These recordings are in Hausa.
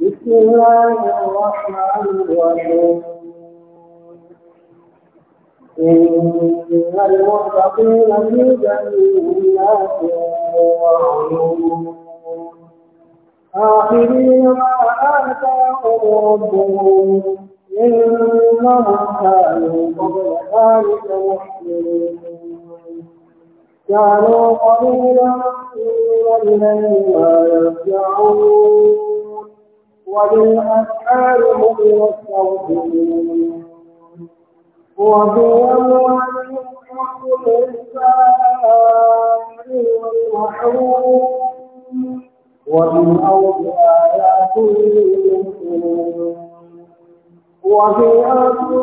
بسم الله الرحمن الرحيم إن المتقين في جنات وعيون آخرين ما آتاهم ربهم إنهم كانوا قبل ذلك محسنين كانوا قليلا من الليل ما يرجعون وللأسحار هم يستغفرون وبالأموال حق الإنسان والمحروم وبالأرض آيات وفي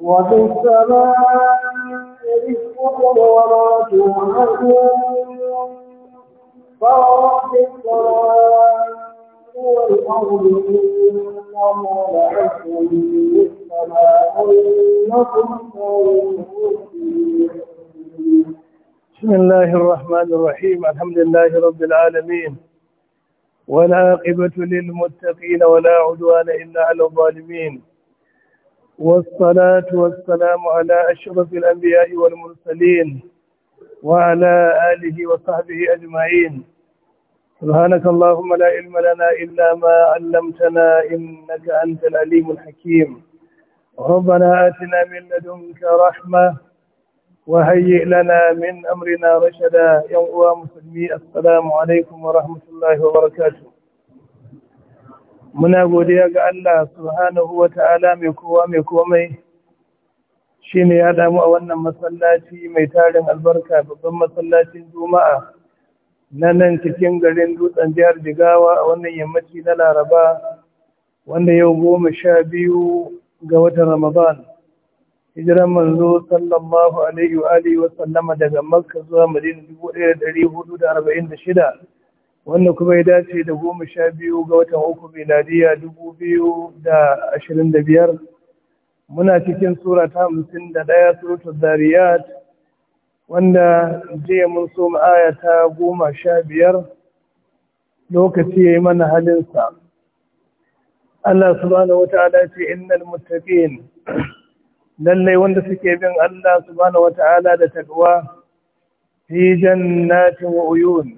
وفي السماء رزقكم وما توعدون بسم الله الرحمن الرحيم الحمد لله رب العالمين والعاقبة للمتقين ولا عدوان إلا على الظالمين والصلاة والسلام على أشرف الأنبياء والمرسلين وعلى آله وصحبه أجمعين سبحانك اللهم لا علم لنا إلا ما علمتنا إنك أنت العليم الحكيم ربنا آتنا من لدنك رحمة وهيئ لنا من أمرنا رشدا يوم مسلمي السلام عليكم ورحمة الله وبركاته muna godiya ga Allah subhanahu wa ta'ala mai kowa mai komai shi ne ya damu a wannan masallaci mai tarin albarka babban masallacin juma'a na nan cikin garin dutsen jihar jigawa a wannan yammaci na laraba wanda yau goma sha biyu ga watan ramadan hijiran manzo sallallahu alaihi wa alihi wa sallama daga makka zuwa madina dubu ɗaya da hudu da arba'in da shida wanda kuma ya dace da goma sha biyu ga watan uku miladiya dubu biyu da ashirin da biyar muna cikin sura ta hamsin da ɗaya suratul zariyat wanda jiya mun so aya ta goma sha biyar lokaci ya yi mana halinsa Allah subhanahu wa ta'ala ce innal muttaqin lallai wanda suke bin Allah subhanahu wa ta'ala da takwa fi jannatin wa uyun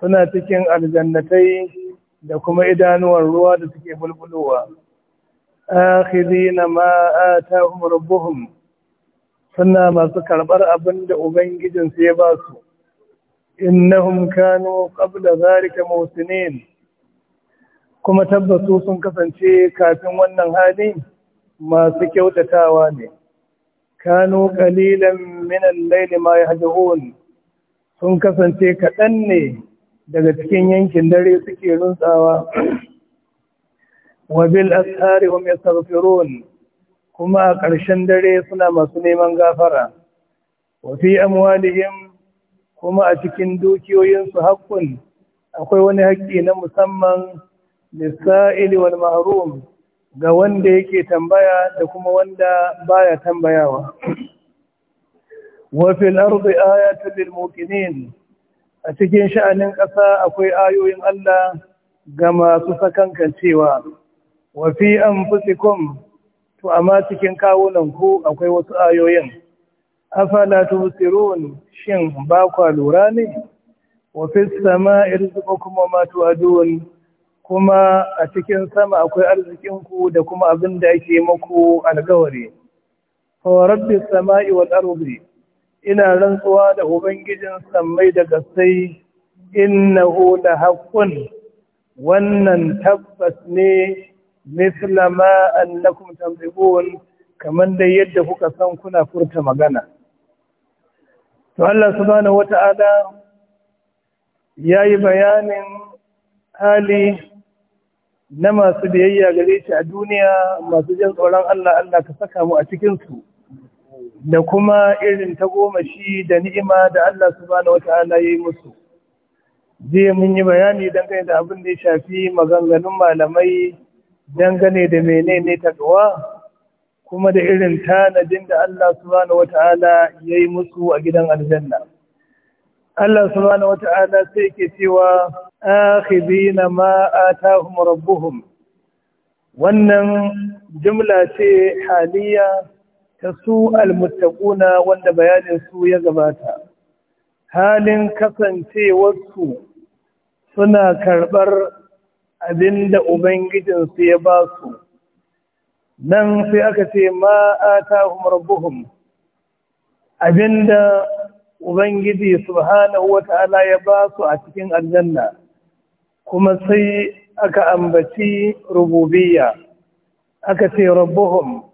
suna cikin aljannatai da kuma idanuwar ruwa da suke bulbulowa akhidina ma atahum rabbuhum suna masu karɓar abin da Ubangijinsu ya ba su, innahum kanu qabla zalika motsinin, kuma tabbasu sun kasance kafin wannan hali masu kyautatawa ne. Kano ƙalilan minan laili ma yahjurun sun kasance kaɗan ne daga cikin yankin dare suke runtsawa. Wabil ashari ya kuma a ƙarshen dare suna masu neman gafara Wafi fi amwalihim kuma a cikin dukiyoyinsu haƙƙun akwai wani haƙƙi na musamman lissa'ili wal ma'arum ga wanda yake tambaya da kuma wanda baya tambayawa Wafi fil ardi ayatun a cikin sha'anin ƙasa akwai ayoyin Allah ga masu sakankan cewa wafi fi anfusikum to amma cikin kawunan ku akwai wasu ayoyin afala tubsirun shin ba kwa lura ne wa fi sama'i rizqukum wa ma tu'adun kuma a cikin sama akwai arzikin ku da kuma abin da ake muku alƙawari fa rabbi sama'i wal ardi ina rantsuwa da ubangijin sammai da gassai innahu la haqqun wannan tabbas ne مثل ما أنكم yadda kuka san kuna furta magana مغانا فالله سبحانه وتعالى ياي bayanin hali na masu biyayya gare shi a duniya masu jin tsoron Allah Allah ka saka mu a cikinsu da kuma irin ta goma shi da ni'ima da Allah subhanahu wata'ala ya yi musu jiya mun yi bayani dangane da abin da ya shafi maganganun malamai dangane da menene ta taqwa kuma da irin tanadin da Allah subhanahu wata'ala ya yi musu a gidan aljanna. Allah subhanahu wata'ala sai ke cewa akhidina ma atahum rabbuhum wannan jumla ce haliya ta su almuttaquna wanda bayanin su ya gabata halin kasancewarsu suna karɓar abinda ubangijinsu ya ba su nan sai aka ce ma buhun abin abinda ubangiji subhanahu wata ya ba su a cikin aljanna kuma sai aka ambaci rububiyya aka ce rabbuhum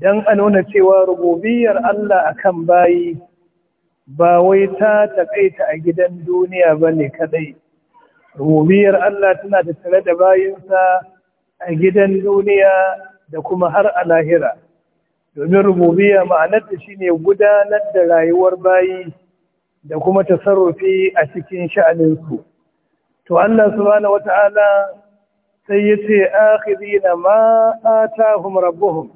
Don a nuna cewa rububiyyar Allah kan bayi ba wai ta taƙaita a gidan duniya ba ne kadai rububiyar Allah tana da tare da bayinsa a gidan duniya da kuma har a lahira domin rububiya ma'anarta shine gudanar da rayuwar bayi da kuma tasarrufi a cikin sha'aninsu to Allah subhanahu wata'ala sai ya ce akhirina ma atahum rabbuhum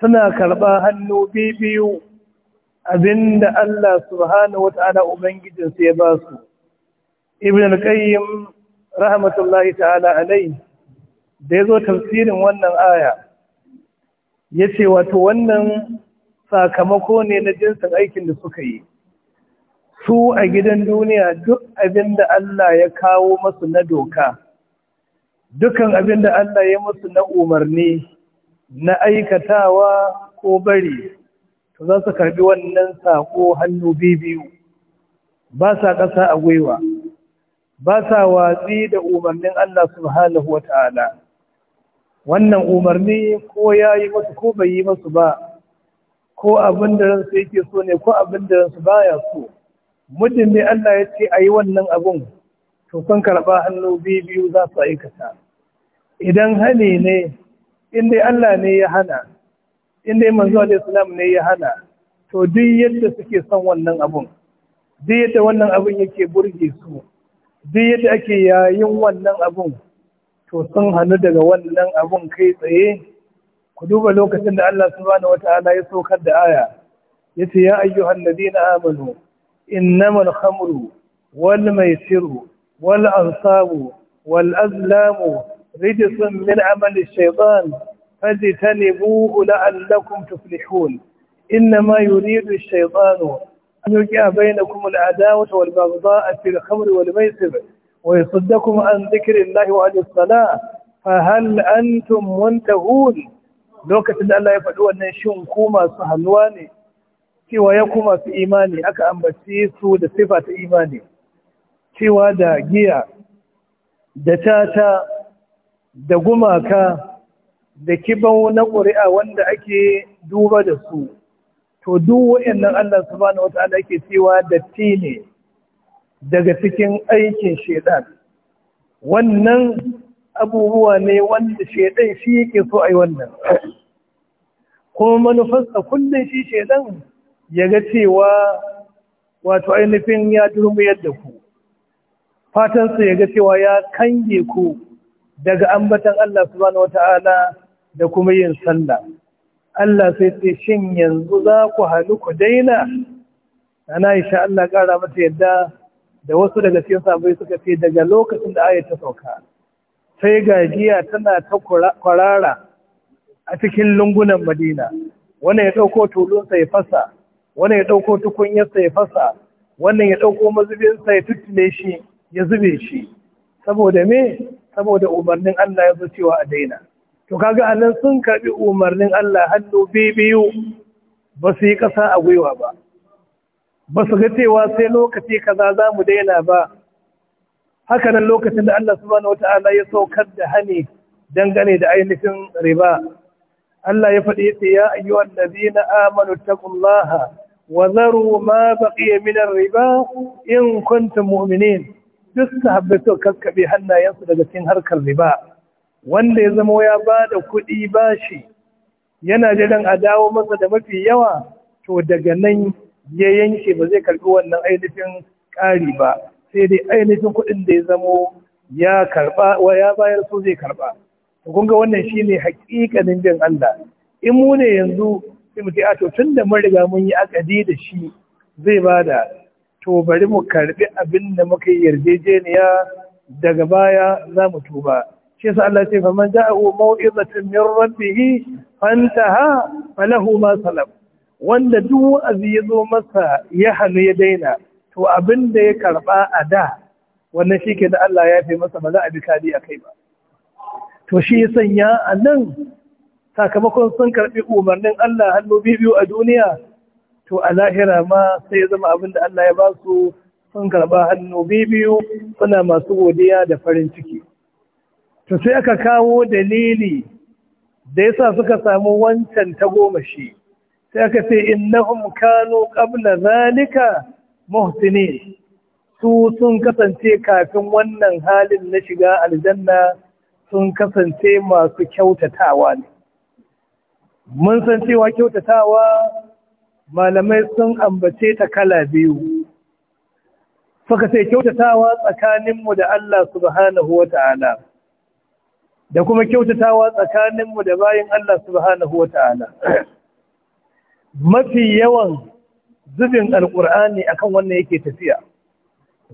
suna karɓa hannu biyu abinda Allah subhanahu ubangijinsu ya ba su ibn al-qayyim rahmatullahi ta'ala alai da yazo tafsirin wannan aya yace wato wannan sakamako ne na jinsin aikin da suka yi su a gidan duniya duk abin da Allah ya kawo masu na doka dukan abin da Allah ya musu na umarni na aikatawa ko bari to za su karbi wannan sako hannu bibiyu. ba sa ƙasa a gwiwa ba sa watsi da umarnin Allah subhanahu wa ta'ala wannan umarni ko ya yi masu ko bai yi masu ba ko abin da ransu yake so ne ko abin da ransu baya so muddin ne Allah ya ce a yi wannan abun to sun karɓa hannu biyu biyu za su aikata idan hane ne inda Allah ne ya hana inda manzo alaihi Islam ne ya hana to duk yadda suke son wannan abun duk yadda wannan abun yake burge su duk yadda ake yayin wannan abun to sun hannu daga wannan abun kai tsaye ku duba lokacin da Allah subhanahu wata'ala ya saukar da aya yace ya ayyuhal ladina amanu innamal khamru wal maisiru wal ansabu wal azlamu rijsun min amali shaytan fajtanibuhu la'allakum tuflihun innama yuridu shaytanu أن يوقع بينكم العداوة والبغضاء في الخمر والميسر ويصدكم عن ذكر الله وعن الصلاة فهل أنتم منتهون lokacin da Allah ya faɗi wannan shin ku masu halwa ne cewa ya ku masu imani aka ambace su da sifa ta imani cewa da giya da tata da gumaka da kibau na ƙuri'a wanda ake duba da su to duk wa'annan Allah subhanahu Ala ke cewa datti ne daga cikin aikin shaidan wannan abubuwa ne wanda shaidan shi yake so ai wannan kuma manufarsa kullum shi shaidan ya ga cewa wato ainihin ya durmiyar da ku fatansa ya ga cewa ya kange ku daga ambatan Allah subhanahu Ala da kuma yin sallah Allah sai ce shin yanzu za ku halu ku daina ana isha Allah ƙara mata yadda da wasu daga cikin sabai suka ce daga lokacin da ayat ta sauka sai gajiya tana ta kwarara a cikin lungunan Madina wannan ya ɗauko tulun ya fasa wannan ya ɗauko tukunyarsa ya fasa wannan ya ɗauko mazubinsa ya tuttule shi ya zube shi saboda me saboda umarnin Allah ya zo cewa a daina to kaga anan sun karɓi umarnin Allah hannu biyu ba su yi ƙasa a gwiwa ba ba su ga cewa sai lokaci kaza za mu daina ba haka nan lokacin da Allah subhanahu ya saukar da hani dangane da ainihin riba Allah ya faɗi yace ya ayyuhal ladina amanu taqullaha wa zaru ma baqiya min riba in kuntum mu'minin duk sahabbai suka kakkabe hannayensu daga cikin harkar riba wanda ya zama ya ba da kuɗi bashi yana jiran a dawo masa da mafi yawa to daga nan ya yanke ba zai karɓi wannan ainihin ƙari ba sai dai ainihin kuɗin da ya zamo ya karɓa wa ya bayar so zai karɓa kun ga wannan shine haƙiƙanin bin Allah in mu ne yanzu sai mu a to tunda mun riga mun yi akadi da shi zai bada to bari mu karɓi abin da muka yi yarjejeniya daga baya za mu tuba shi yasa Allah ce faman ja'u mau'izatin min rabbih fantaha falahu ma salam wanda duk wa'azi yazo masa ya hannu ya daina to abin da ya karba a da wannan shi ke da Allah ya fi masa ba za a bi kadi a kai ba to shi ya sanya a sakamakon sun karbi umarnin Allah hannu biyu a duniya to a lahira ma sai ya zama abin da Allah ya ba su sun karba hannu biyu suna masu godiya da farin ciki to sai aka kawo dalili da yasa suka samu wancan ta goma shi, sai aka ce innahum kanu qabla zalika muhsinin su sun kasance kafin wannan halin na shiga aljanna sun kasance masu kyautatawa ne mun san cewa kyautatawa malamai sun ambace ta kala biyu suka ce kyautatawa tsakaninmu da Allah subhanahu wa ta'ala da kuma kyautatawa tsakaninmu da bayin Allah subhanahu wa ta'ala. Mafi yawan zubin alƙur'ani akan wannan yake tafiya,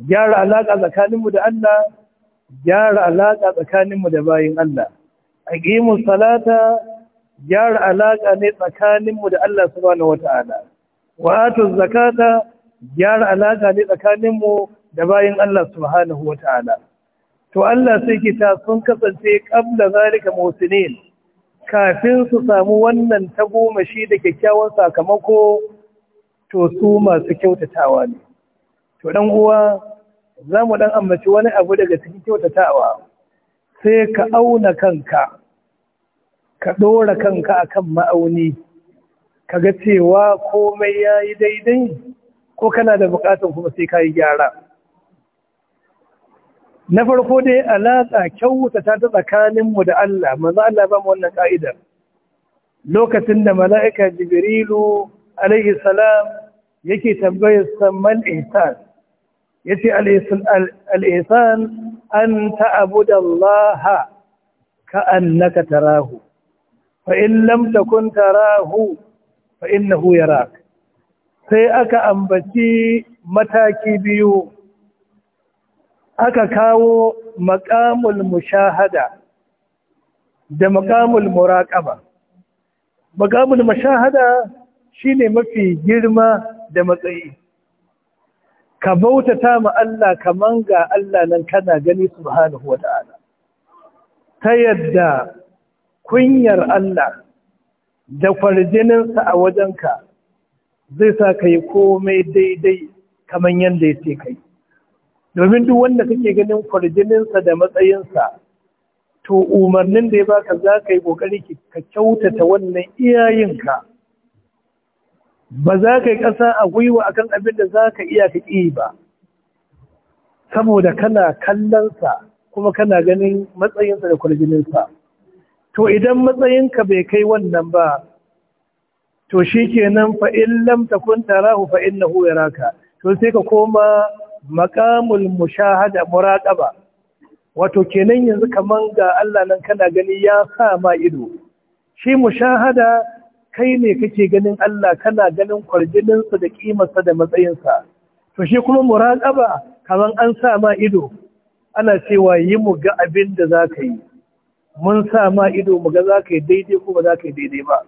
gyara alaƙa tsakaninmu da Allah, gyara alaƙa tsakaninmu da bayin Allah. A ƙimun salata, gyara alaƙa ne tsakaninmu da Allah subhanahu wa ta'ala. Wa'atun zakata, gyara alaƙa ne tsakaninmu da bayin Allah subhanahu wa ta'ala. to Allah sai ke ta sun kasance ƙabla zalika musinin kafin su samu wannan ta goma shi da kyakkyawan sakamako to su masu kyautatawa ne to dan uwa za mu dan ambaci wani abu daga cikin kyautatawa sai ka auna kanka ka ɗora kanka akan ma'auni ka ga cewa komai ya yi daidai ko kana da bukatun kuma sai ka yi gyara na farko dai alaƙa kyauta ta tsakaninmu da Allah maza Allah ba mu wannan ka'idar lokacin da mala'ika jibrilu alaihi salam yake tambayar samman ihsan yace al-ihsan an ta'budu Allah ka'annaka tarahu fa in lam takun tarahu fa innahu yarak sai aka ambaci mataki biyu aka kawo makamul mushahada da makamul muraƙaba makamul mushahada shine mafi girma da matsayi ka bautata ma Allah kaman ga Allah nan kana gani subhanahu wata'ala ta yadda kunyar Allah da kwarjininsa a wajenka zai sa ka yi komai daidai kamar yadda ya ce kai domin duk wanda kake ganin kwarjininsa da matsayinsa to umarnin da ya baka za ka yi kokari ka kyautata wannan iyayenka ba za ka yi ƙasa a gwiwa akan abin da za ka iya ka ƙi ba saboda kana kallonsa kuma kana ganin matsayinsa da kwarjininsa to idan matsayinka bai kai wannan ba to shi kenan fa'in lamta kun tarahu fa'in na huwa raka to sai ka koma makamul mushahada muraqaba wato kenan yanzu kaman ga Allah nan kana gani ya sa ma ido shi mushahada kai ne kake ganin Allah kana ganin sa da kimarsa da matsayin sa to shi kuma muraqaba kaman an sa ma ido ana cewa yi mu ga abin da za yi mun sa ma ido mu ga za yi daidai ko ba za yi daidai ba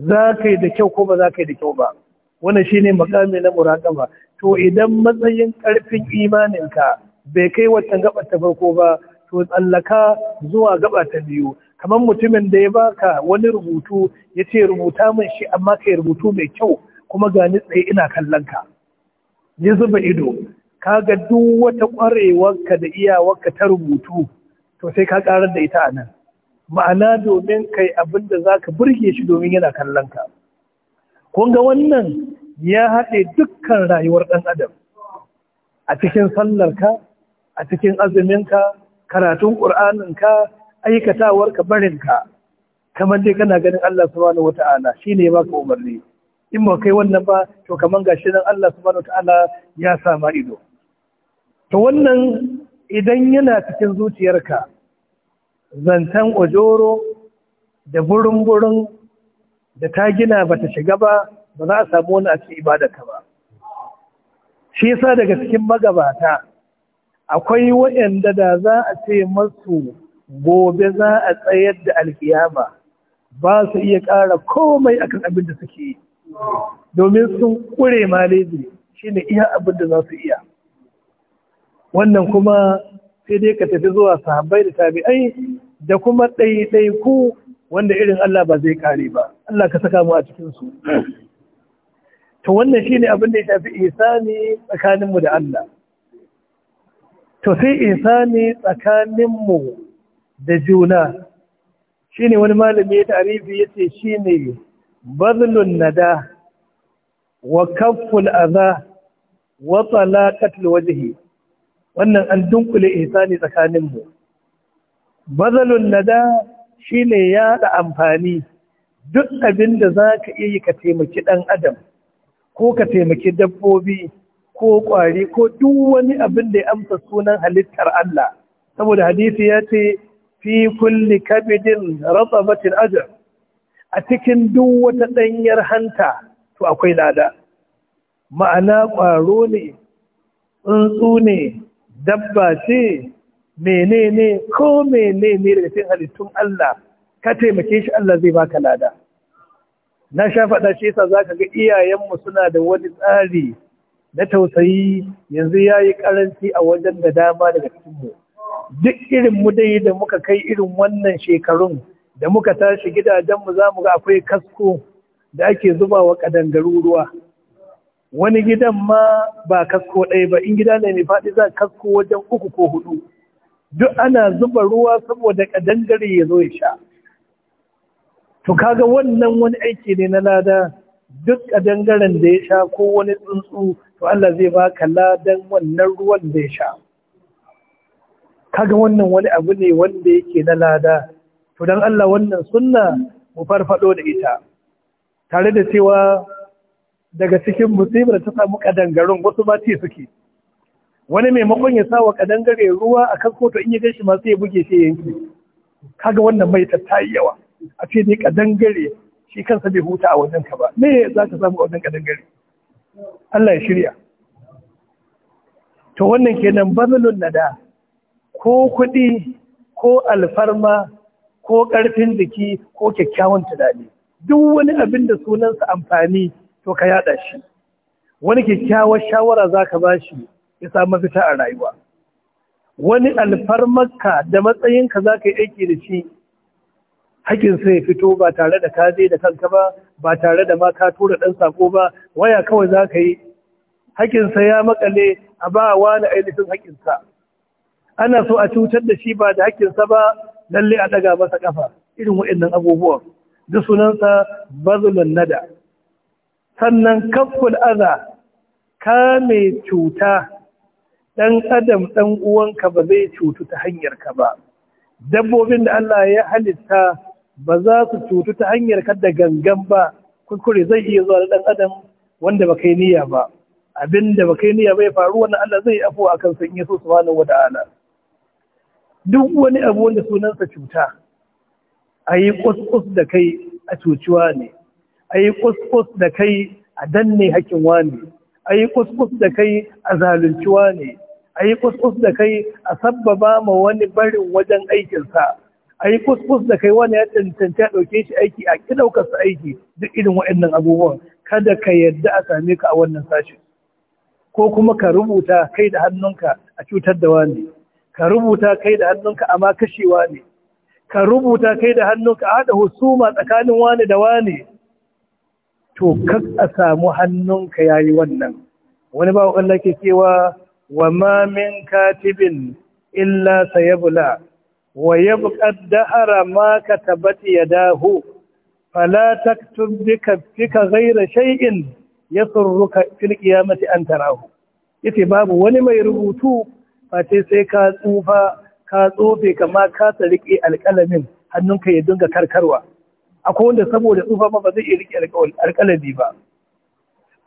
za yi da kyau ko ba za yi da kyau ba wannan shine makami na muraqaba to idan matsayin ƙarfin imaninka bai kai wata gaba ta farko ba to tsallaka zuwa gaba ta biyu kamar mutumin da ya baka wani rubutu ya ce rubuta min shi amma ka rubutu mai kyau kuma ga tsaye ina kallon ka ya zuba ido ka ga duk wata ƙwarewarka da iyawarka ta rubutu to sai ka ƙarar da ita anan. ma'ana domin kai abin da za ka burge shi domin yana kallon ka kun ga wannan ya haɗe dukkan rayuwar ɗan adam a cikin sallarka a cikin azuminka karatun ƙur'aninka aikatawarka barinka kamar dai kana ganin Allah subhanahu wata'ala shine ya baka umarni in ba kai wannan ba to kamar gashi nan Allah subhanahu wata'ala ya sama ido to wannan idan yana cikin zuciyarka zantan ojoro da burin-burin da ta gina bata shiga ba ba za a samu wani a cikin ibadata ba shi yasa daga cikin magabata akwai waɗanda da za a ce masu gobe za a tsayar da alkiyama ba su iya ƙara komai akan abin da suke yi domin sun ƙure maleji ne iya abin da za su iya wannan kuma sai dai ka tafi zuwa sahabbai da tabi'ai da kuma ɗaiɗaiku wanda irin Allah ba zai ƙare ba Allah ka saka mu a cikinsu to wannan ne abin da ya shafi isani tsakaninmu tsakaninmu da Allah to sai isa tsakanin mu da juna Shi ne wani malami ya ta'rifi shi ne bazlun nada wa kafful aza wa talaqatul wajihi wannan an dunkule ihsani tsakanin mu bazlun nada shine yaɗa amfani duk abinda da za ka iya yi ka taimaki ɗan adam ko ka taimaki dabbobi ko ƙwari ko duk wani abin da ya amsa sunan halittar Allah saboda hadisi ya ce fi kulli kabidin ratabatin ajr a cikin duk wata ɗanyar hanta to akwai lada ma'ana ƙwaro ne tsuntsu ne dabba ce menene ko menene daga cikin halittun Allah ka taimake shi Allah zai baka lada na sha faɗa shi yasa zaka ga iyayenmu suna da wani tsari na tausayi yanzu ya yi karanci a wajen da dama daga cikinmu duk irin mu dai da muka kai irin wannan shekarun da muka tashi gidajenmu za mu ga akwai kasko da ake zuba wa kadangaru ruwa wani gidan ma ba kasko ɗaya ba in gida ne mai faɗi za kasko wajen uku ko huɗu. duk ana zuba ruwa saboda kadangare ya zo ya sha to kaga wannan wani aiki ne na lada duk a dangaren da ya sha ko wani tsuntsu to Allah zai baka ladan wannan ruwan da ya sha kaga wannan wani abu ne wanda yake na lada to dan Allah wannan sunna mu farfado da ita tare da cewa daga cikin musibar ta samu kadangarin wasu ba ce suke wani maimakon ya sa wa kadangare ruwa a kan kotu in ya gashi masu ya buge shi yanki kaga wannan mai tattayi yawa a ce dai kadangare shi kansa bai huta a wajenka ba me za ka samu a wajen kadangare Allah ya shirya to wannan kenan bazalun nada ko kuɗi ko alfarma ko ƙarfin jiki ko kyakkyawan tunani duk wani abin da sunansa amfani to ka yada shi wani kyakkyawar shawara za ka ba shi ya samu mafita a rayuwa wani alfarmarka da matsayinka za ka yi aiki da shi hakin sai ya fito ba tare da ka je da kanka ba ba tare da ma ka tura dan sako ba waya kawai za ka yi hakin sa ya makale a ba wa na ainihin hakin sa ana so a cutar da shi ba da hakin sa ba lalle a daga masa kafa irin waɗannan abubuwan duk sunansa bazulun nada sannan kaful aza kame cuta ɗan adam ɗan uwanka ba zai cutu ta hanyar ka ba dabbobin da Allah ya halitta ba za su cutu ta hanyar kada gangan ba kuskure zai iya zuwa da ɗan adam wanda ba kai niyya ba abin da ba kai niyya bai faru wannan Allah zai afo a kan san yesu subhanahu wata'ala duk wani abu wanda sunansa cuta a yi kuskus da kai a cuciwa ne a yi kuskus da kai a danne hakkin wani a yi kuskus da kai a zalunciwa ne a yi kuskus da kai a sabbaba ma wani barin wajen aikinsa a yi kuskus da kai wani ya tantance a ɗauke shi aiki a ki ɗaukar aiki duk irin waɗannan abubuwan kada ka yarda a same ka a wannan sashen ko kuma ka rubuta kai da hannunka a cutar da wani ka rubuta kai da hannunka a ma kashewa ne ka rubuta kai da hannunka a haɗa husuma tsakanin wani da wani to kak a samu hannunka ya yi wannan wani ba Allah ke cewa wa ma katibin illa sayabula wa yabqa dahara ma katabat yadahu fala taktub bika fika ghayra shay'in yasurruka fil qiyamati an tarahu yace babu wani mai rubutu face sai ka tsufa ka tsofe kama ka riƙe alƙalamin hannunka ya dinga karkarwa akwai wanda saboda tsufa ma ba zai iya rike alƙalami ba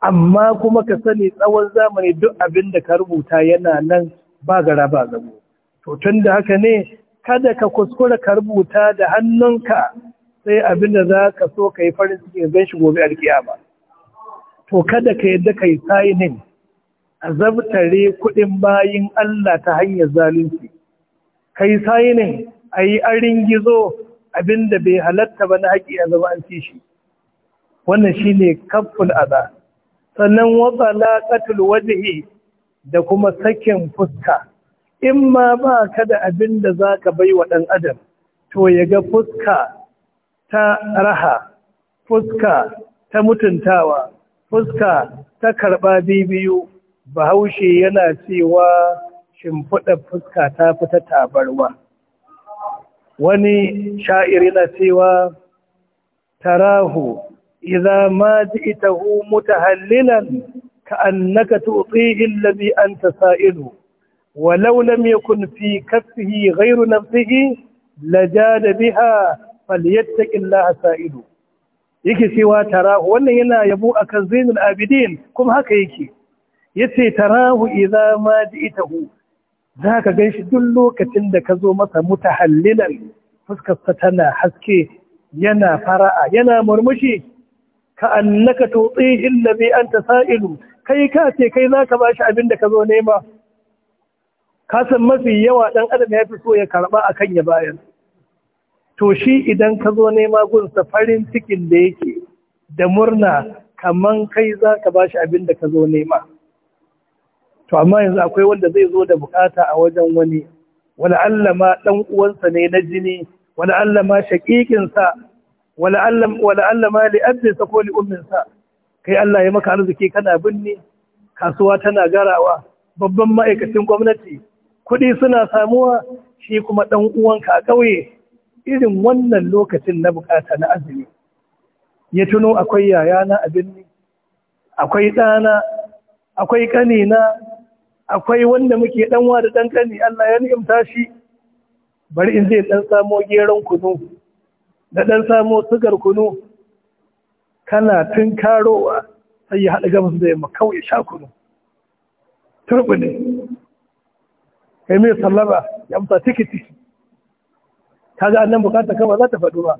amma kuma ka sani tsawon zamani duk abin da ka rubuta yana nan ba gara ba zabo to tun da haka ne kada ka kuskura ka rubuta da hannunka sai abin da za ka so ka yi farin cikin zai shi gobe alkiyama to kada ka yadda ka yi sainin a zabtare kuɗin bayin Allah ta hanyar zalunci ka yi ayi a yi arin gizo abin da bai halatta ba na haƙi a zama an ci shi wannan shi ne kafin aza sannan wata laƙatul wajihi da kuma sakin fuska in ma ba ka da abin da za ka bai wa ɗan adam to ya ga fuska ta raha fuska ta mutuntawa fuska ta karɓa bibiyu bahaushe yana cewa shimfiɗa fuska ta fita tabarwa wani sha'ir yana cewa tarahu idza ma ji'tahu mutahallilan ka'annaka tu'tihi allazi anta ido. ولو لم يكن في كفه غير نفسه لجاد بها فليتق الله سائله yake cewa tarahu wannan yana yabo akan zainul abidin kuma haka yake yace tarahu idza ma ji'tahu zaka ganshi duk lokacin da ka zo masa mutahallilan fuskar sa tana haske yana fara'a yana murmushi ka annaka tuṭīhi allazi anta sa'ilu kai ka ce kai zaka bashi abin da ka zo nema kasan mafi yawa ɗan adam ya fi so ya karɓa a kan ya bayar to shi idan ka zo nema gunsa farin cikin da yake da murna kamar kai za ka ba shi abin da ka zo nema to amma yanzu akwai wanda zai zo da bukata a wajen wani wani Allah ma ɗan uwansa ne na jini wani Allah ma shaƙiƙinsa wani Allah ma li'abdinsa ko li'umminsa kai Allah ya maka arziki kana binne kasuwa tana garawa babban ma'aikacin gwamnati kuɗi suna samuwa shi kuma ɗan uwanka a ƙauye irin wannan lokacin na bukata na azumi ya tuno akwai yayana a birni akwai ɗana akwai ƙanina akwai wanda muke ɗanwa da ɗan ƙani Allah ya ni'imta shi bari in zai ɗan samo geron kunu da ɗan samo sugar kunu kana tun karowa sai ya haɗa gabas da yamma kawai sha kunu turbi ne kai mai sallama ya amsa tiki tiki a annan bukata kama za ta faɗo ba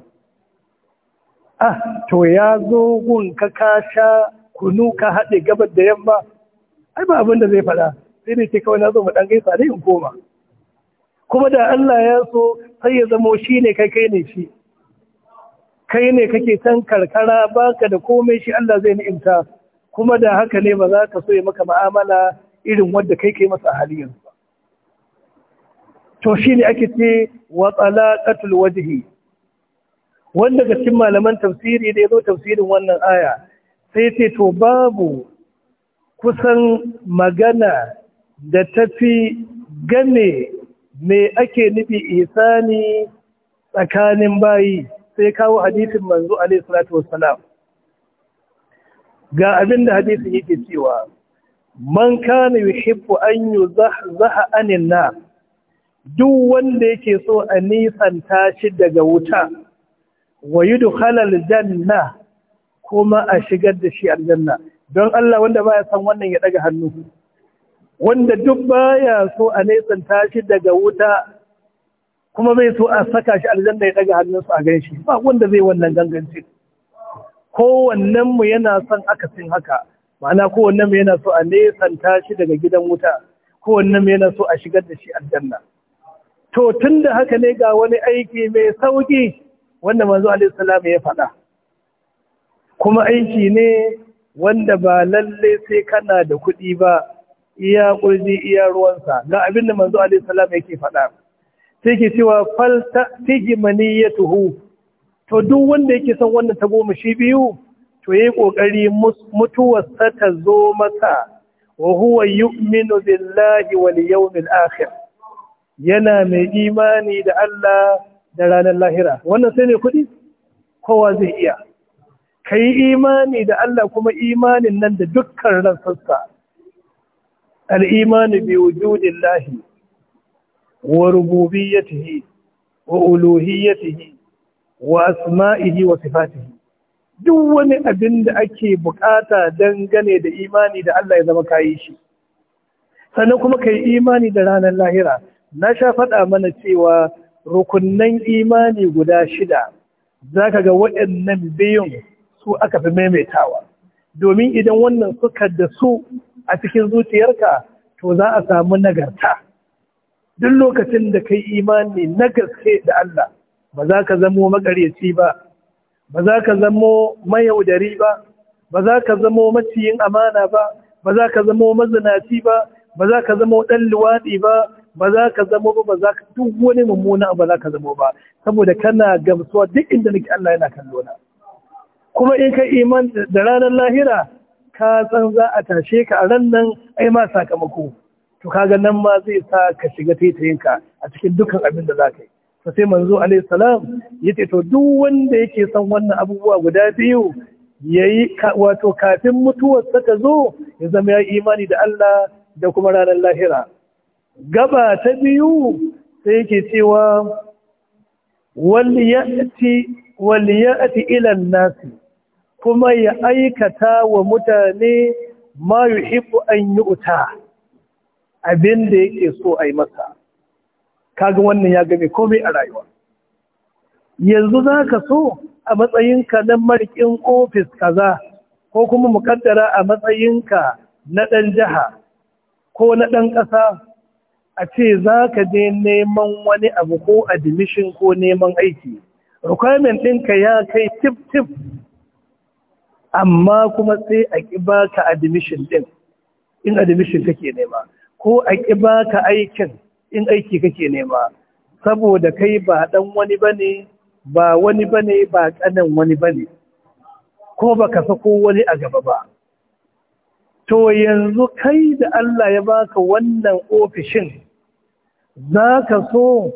ah to ya zo gun ka ka sha kunu ka haɗe gabar da yamma ai ba abin da zai faɗa sai dai ce kawai na zo mu ɗan gaisa ne in koma kuma da Allah ya so sai ya zamo shi ne kai kai ne shi kai ne kake can karkara baka da komai shi Allah zai ni'imta kuma da haka ne ba za ka so ya maka ma'amala irin wadda kai kai masa halin yanzu to shi ne ake ce wa tsalaƙatul wajihi wanda ga cikin malaman tafsiri da zo tafsirin wannan aya sai ce to babu kusan magana da tafi game me ake nufi isani tsakanin bayi sai kawo hadisin manzo alaihi salatu wassalam ga abin da hadisin yake cewa man kana yuhibbu an yuzahzaha anin nar duk wanda yake so a nisanta shi daga wuta wa halal janna kuma a shigar da shi aljanna don Allah wanda ba ya san wannan ya daga hannu wanda duk baya so a nisanta shi daga wuta kuma bai so a saka shi aljanna ya daga hannunsu a shi, ba wanda zai wannan ganganci kowannenmu yana son akasin haka ma'ana kowannenmu yana so a nesanta shi daga gidan wuta kowannenmu yana so a shigar da shi aljanna to tun da haka ne ga wani aiki mai sauƙi wanda manzo alisalam ya faɗa kuma aiki ne wanda ba lalle sai kana da kuɗi ba iya ƙurji iya ruwansa ga abin da manzo ya yake faɗa sai ke cewa falta tigi tuhu. to duk wanda yake san wanda ta goma shi biyu to yayi kokari mutuwarsa ta zo masa wa huwa yu'minu billahi wal yawmil akhir yana mai imani da Allah da ranar lahira wannan sai ne kuɗi kowa zai iya ka yi imani da Allah kuma imanin nan da dukkan sassa. al'imani bi wujudin lahi wa rububi ya tihi wa uluhi ya tihi wa asma'ihi wa sifatihi duk wani abin da ake bukata dangane da imani da Allah ya zama kayi shi sannan kuma ka yi imani da ranar lahira na sha faɗa mana cewa rukunnan imani guda shida za ka ga waɗannan biyun su aka fi maimaitawa domin idan wannan suka da su a cikin zuciyarka to za a samu nagarta duk lokacin da kai imani na gaske da Allah ba za ka zamo magaryaci ba ba za ka zamo mayaudari ba ba za ka zamo maciyin amana ba ba za ka zamo mazinaci ba ba za ka zamo ɗan luwaɗi ba ba za ka zama ba ba za ka duk wani mummuna ba za ka zama ba saboda kana gamsuwa duk inda nake Allah yana kallo na kuma in ka iman da ranar lahira ka san za a tashe ka a ran nan ai ma sakamako to kaga nan ma zai sa ka shiga taitayinka a cikin dukkan abin da za ka yi to sai manzo alaihi salam yace to duk wanda yake san wannan abubuwa guda biyu yayi wato kafin mutuwar ta zo ya zama ya imani da Allah da kuma ranar lahira gaba ta biyu sai yake cewa waliyati ilan nasi kuma ya aikata wa mutane ma yuhibbu an yi uta abin da yake so a yi masa kaga wannan ya gami komai a rayuwa yanzu za ka so a matsayinka na marikin ofis kaza ko kuma mukaddara a matsayinka na ɗan jiha ko na ɗan ƙasa a ce za ka je neman wani abu ko admission ko neman aiki requirement ɗinka ya kai tip-tip amma kuma sai a ƙi ba ka admission ɗin in admission kake nema ko a ƙi ba ka aikin in aiki kake nema saboda kai ba ɗan wani ba ne ba wani ba ne ba ƙanan wani ba ne ko ba ka sako wani a gaba ba to yanzu kai da Allah ya baka wannan ofishin za ka so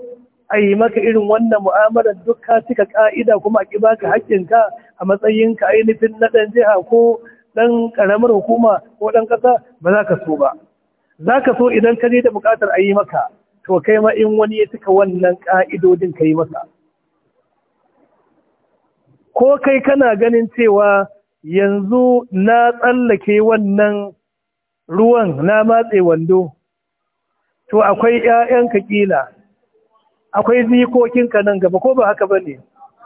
a yi maka irin wannan mu'amalar duk ka cika ka'ida kuma a ƙiba ka haƙƙinka a matsayinka ainihin na ɗan jiha ko ɗan ƙaramar hukuma ko ɗan ƙasa ba za ka so ba za ka so idan ka je da buƙatar a yi maka to kai ma in wani ya cika wannan ƙa'idodin ka yi masa ko kai kana ganin cewa yanzu na tsallake wannan ruwan na matse wando to akwai ‘ya'yanka ƙila akwai zikokinka nan gaba ko ba haka ba ne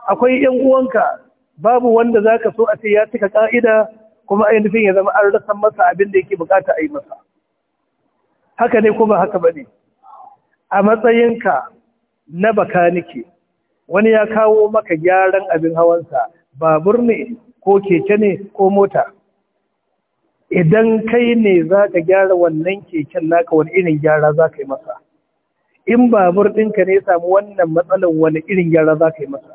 akwai ‘yan uwanka babu wanda za ka so a ce ya cika ƙa'ida kuma ainihin ya zama an rasa masa abin da yake bukata a yi masa haka ne ko ba haka ba ne a matsayinka na bakanike wani ya kawo maka gyaran abin hawansa babur ne ko keke ne ko mota idan kai ne za ka gyara wannan keken naka wani irin gyara za ka yi masa in babur ɗinka ne ya samu wannan matsalar wani irin gyara za ka yi masa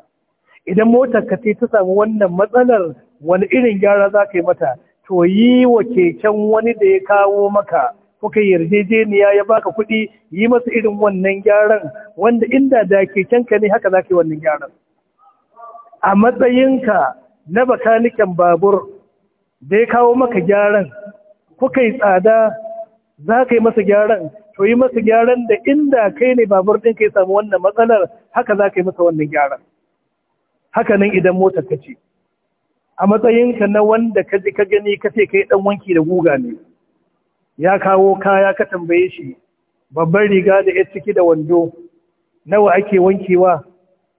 idan motar ka ta samu wannan matsalar wani irin gyara za ka yi mata to yi wa keken wani da ya kawo maka kuka yarjejeniya ya baka kuɗi yi masa irin wannan gyaran wanda inda da keken ka ne haka za ka yi wannan gyaran a matsayinka na bakanikan babur da ya kawo maka gyaran kuka yi tsada za ka yi masa gyaran to yi masa gyaran da inda kai ne babur ɗin ka yi samu wannan matsalar haka za ka yi masa wannan gyaran haka nan idan motar ka ce a matsayinka na wanda ka ji ka gani ka ce ka yi ɗan wanki da guga ne ya kawo kaya ka tambaye shi Babbar riga da ya ciki da wando nawa ake wankewa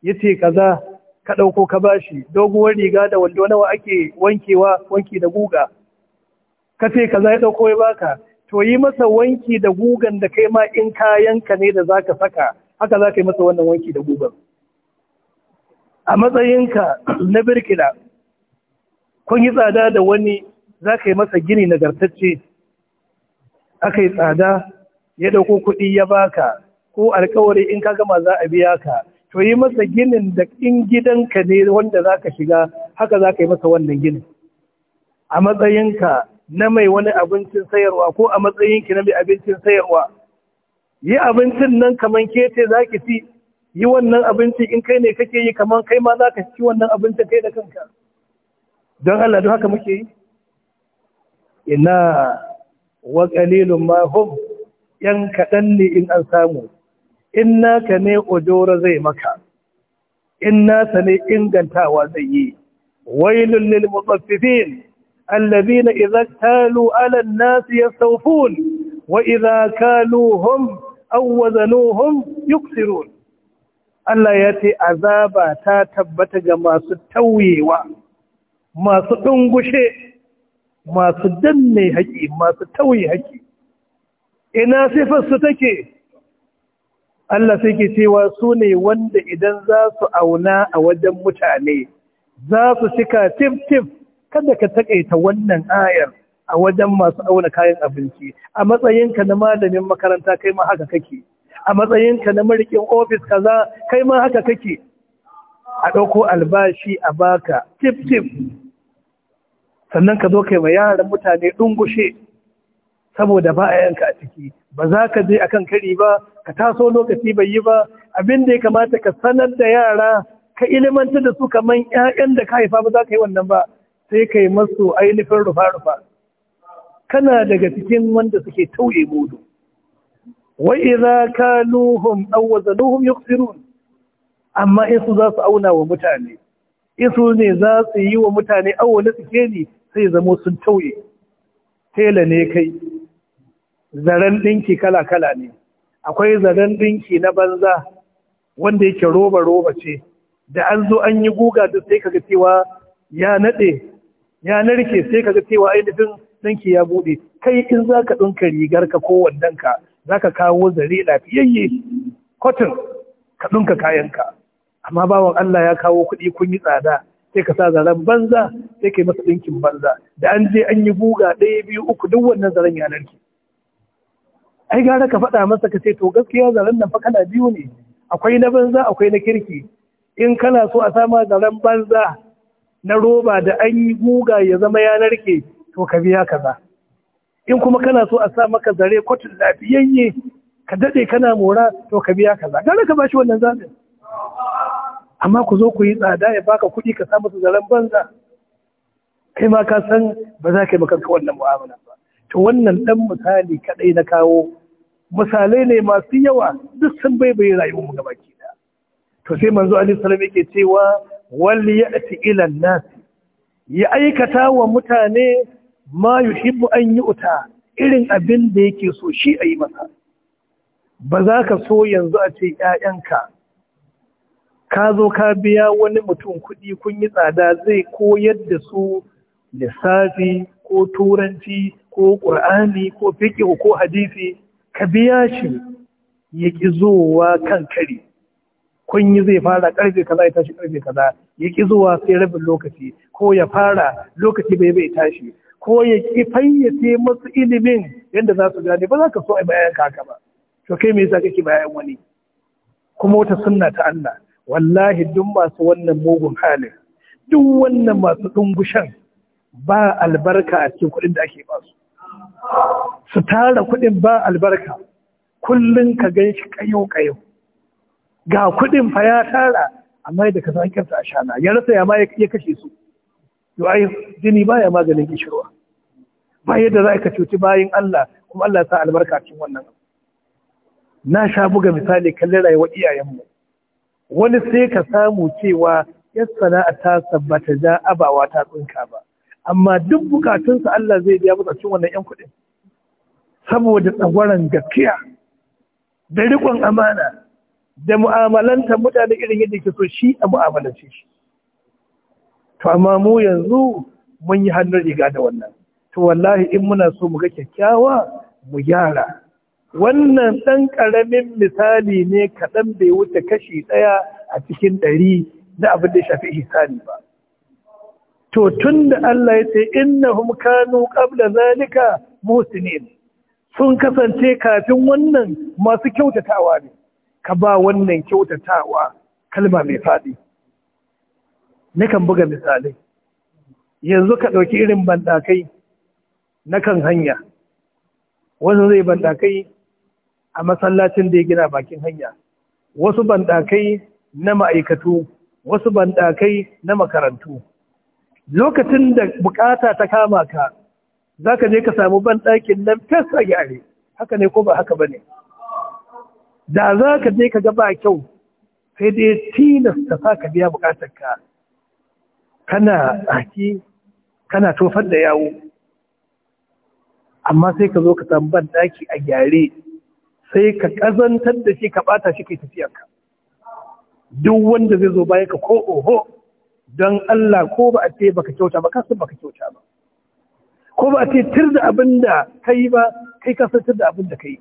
ya ce kaza ka ɗauko ka bashi doguwar riga da wando nawa ake wankewa wanki da guga ka ce ka ya ɗauko ya baka to yi masa wanki da gugan da kai ma in kayan ka ne da za ka saka haka za ka yi masa wannan wanki da gugan a matsayinka na birkila kun yi tsada da wani za ka yi masa gini nagartacce aka yi tsada ya ɗauko kuɗi ya baka ko alkawari in ka gama za a biya ka to yi masa ginin da in gidanka ne wanda za ka shiga haka za ka yi masa wannan ginin a matsayinka na mai wani abincin sayarwa ko a matsayinki na mai abincin sayarwa yi abincin nan ke kece za ki ci yi wannan abinci in kai ne kake yi kamar kai ma za ka ci wannan abincin kai da kanka don Allah don haka muke yi ina wa ma hum yan kaɗan ne in an samu inna ka ne ujura zai maka inna nasa ne ingantawa zai yi wailul lil mutaffifin alladhina idza talu ala an-nas yastawfun wa idza kaluhum aw wazanuhum yuksirun Allah ya ce azaba ta tabbata ga masu tauyewa masu dungushe masu danne haƙi masu tauye haƙi ina sifar su take Allah sai ke cewa su ne wanda idan za su auna a wajen mutane za su cika tif-tif kada ka takaita wannan ayar a wajen masu auna kayan abinci a matsayinka na malamin makaranta kai ma haka kake a matsayinka na marikin ofis kaza kai ma haka kake a ɗauko albashi a baka tif-tif sannan ka zo kai ma yaran mutane ɗungushe saboda ba a yanka a ciki ba za ka je akan kari ba ka taso lokaci bai yi ba abin da ya kamata ka sanar da yara ka ilimantar da su kamar ƴaƴan da ka haifa ba za ka yi wannan ba sai ka yi masu ainihin rufa-rufa kana daga cikin wanda suke tauye mudu wa idza kaluhum aw wazanuhum yukhsirun amma in za su auna wa mutane in su ne za su yi wa mutane na suke ne sai zamo sun tauye tela ne kai zaren ɗinki kala-kala ne akwai zaren ɗinki na banza wanda yake roba-roba ce da an zo an yi guga duk sai kaga cewa ya naɗe ya narke sai kaga cewa ainihin ɗinki ya buɗe kai in zaka ka ɗinka rigarka ko wandonka za ka kawo zare lafiyayye kotun ka ɗinka kayanka amma bawan Allah ya kawo kuɗi kun yi tsada sai ka sa zaren banza sai kai masa ɗinkin banza da an je an yi guga ɗaya biyu uku duk wannan zaren ya narke. ai gara ka faɗa masa ka ce to gaskiya zaren nan fa kana biyu ne akwai na banza akwai na kirki in kana so a sama zaren banza na roba da an yi guga ya zama yanar ke to ka biya kaza in kuma kana so a sa maka zare kwatin lafiyayye ka daɗe kana mora to ka biya kaza gara ka bashi wannan zaɓin amma ku zo ku yi tsada ya baka kuɗi ka sa masa zaren banza kai ma ka san ba za ka yi maka wannan mu'amala ba to wannan ɗan misali kaɗai na kawo misalai ne masu yawa duk sun baibaye rayuwar mu ke da to sai manzo alaihi salam yake cewa wal ya'ti ila nas ya aikata wa mutane ma yuhibbu an yu'ta irin abin da yake so shi a yi masa ba za ka so yanzu a ce ‘ya'yanka ka zo ka biya wani mutum kuɗi kun yi tsada zai koyar da su lissafi ko turanci ko ƙur'ani ko fiƙi ko hadisi ka biya shi ya ƙi zuwa kan kari kunyi zai fara ƙarfe kaza ya tashi ƙarfe kaza ya ƙi zuwa sai rabin lokaci ko ya fara lokaci bai bai tashi ko ya ƙi fayyace masu ilimin yadda za su gane ba za ka so a bayan kaka ba to kai me yasa kake bayan wani kuma wata sunna ta Allah wallahi duk masu wannan mugun halin duk wannan masu dungushan ba albarka a cikin kuɗin da ake basu su tara kuɗin ba albarka kullum ka gan shi kayo-kayo ga kuɗin fa ya tara amma da ka san a shana ya rasa ya ma ya kashe su yau ai jini ya maganin kishirwa ba yadda za ka cuci bayin Allah kuma Allah ya sa albarka cikin wannan na sha buga misali kallon rayuwar iyayenmu wani sai ka samu cewa yar sana'a ta sabbata a abawa ta tsinka ba amma duk bukatunsa Allah zai biya masa cin wannan 'yan kuɗin saboda tsagwaron gaskiya da riƙon amana da mu'amalanta mutane irin yadda ke so shi a mu'amalance shi to amma mu yanzu mun yi hannun riga da wannan to wallahi in muna so mu ga kyakkyawa mu gyara wannan ɗan ƙaramin misali ne kaɗan bai wuce kashi ɗaya a cikin ɗari na abin da ya shafi ihsani ba to tun da Allah ya ce innahum kanu qabla zalika musinin sun kasance kafin wannan masu kyautatawa ne ka ba wannan kyautatawa kalma mai faɗi nakan buga misalai yanzu ka ɗauki irin banɗakai na kan hanya wani zai banɗakai a masallacin da ya gina bakin hanya wasu banɗakai na ma'aikatu wasu banɗakai na makarantu lokacin da bukata ta kama ka za ka je ka samu banɗakin nan fesa a gyare haka ne ko ba haka ba ne da za ka je ka gaba ba kyau sai dai tilasta sa ka biya bukatar ka kana haki kana tofar da yawo amma sai ka zo ka samu banɗaki a gyare sai ka ƙazantar da shi ka ɓata shi kai tafiyarka duk wanda zai zo bayan ka ko oho don Allah ko ba a ce baka kyauta ba kasu baka kyauta ba ko ba a ce tir da abin da ka yi ba kai kasan tir da abin da ka yi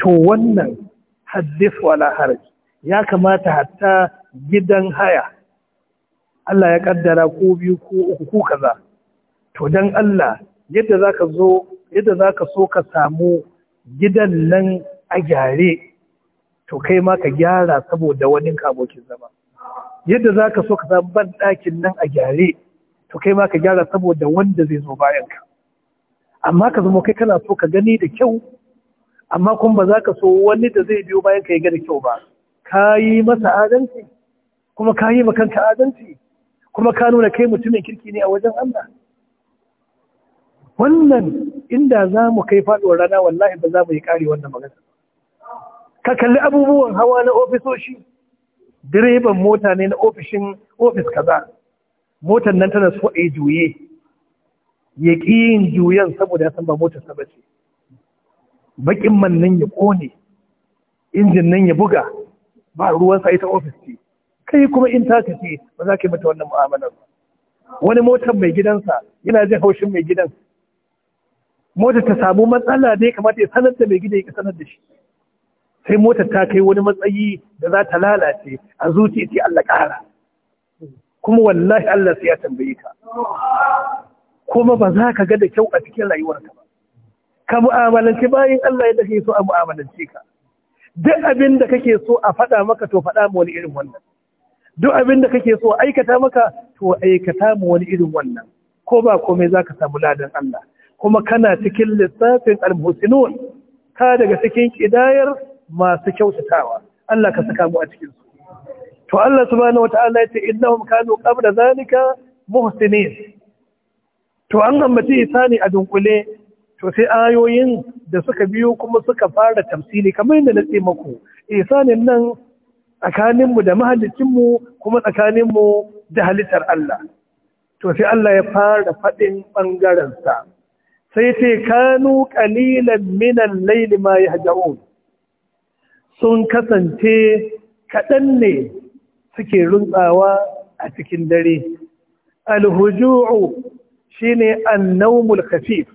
to wannan haddis wala haraj ya kamata hatta gidan haya Allah ya kaddara ko biyu ko uku ko kaza to dan Allah yadda zaka zo yadda zaka so ka samu gidan nan a gyare to kai ma ka gyara saboda wani abokin zama yadda za ka so ka samu ban ɗakin nan a gyare to kai ma ka gyara saboda wanda zai zo bayan ka amma ka zama kai kana so ka gani da kyau amma kuma ba za ka so wani da zai biyo bayan ka ya gani kyau ba ka yi masa adalci kuma ka yi ka adalci kuma ka nuna kai mutumin kirki ne a wajen Allah wannan inda za mu kai faɗuwar rana wallahi ba za mu yi ƙari wannan magana ka kalli abubuwan hawa na ofisoshi direban mota ne na ofishin ofis kaza Motan nan tana so a juye ya ƙi yin juyen saboda ya san ba motar sa bace bakin man nan ya kone injin nan ya buga ba ruwan sa ita ofis ce kai kuma in taka ce ba za ka yi mata wannan mu'amalar ba wani motar mai gidansa yana jin haushin mai gidan motar ta samu matsala ne kamata ya sanar da mai gida ya sanar da shi sai motar ta kai wani matsayi da za ta lalace a zuci ce Allah ƙara kuma wallahi Allah sai ya tambayi ka kuma ba za ka ga da kyau a cikin rayuwarka ba ka mu'amalanci bayan Allah yadda kake so a mu'amalance ka duk abin da kake so a faɗa maka to faɗa mu wani irin wannan duk abin da kake so a aikata maka to aikata mu wani irin wannan ko ba komai za ka samu ladan Allah kuma kana cikin lissafin almuhsinun ka daga cikin kidayar masu kyautatawa Allah ka saka mu a cikin su to Allah subhanahu wataala yace innahum kanu qabla zalika muhsinin to an gambaci isani a dunkule to sai ayoyin da suka biyo kuma suka fara tamsili kamar yadda na ce maku isanin nan tsakaninmu da mu kuma tsakaninmu da halittar Allah to sai Allah ya fara faɗin ɓangarensa sai ce kanu ƙalilan minan laili ma ya haja'un sun kasance kaɗan ne suke runtsawa a cikin dare alhuju'u shine annaumul khafif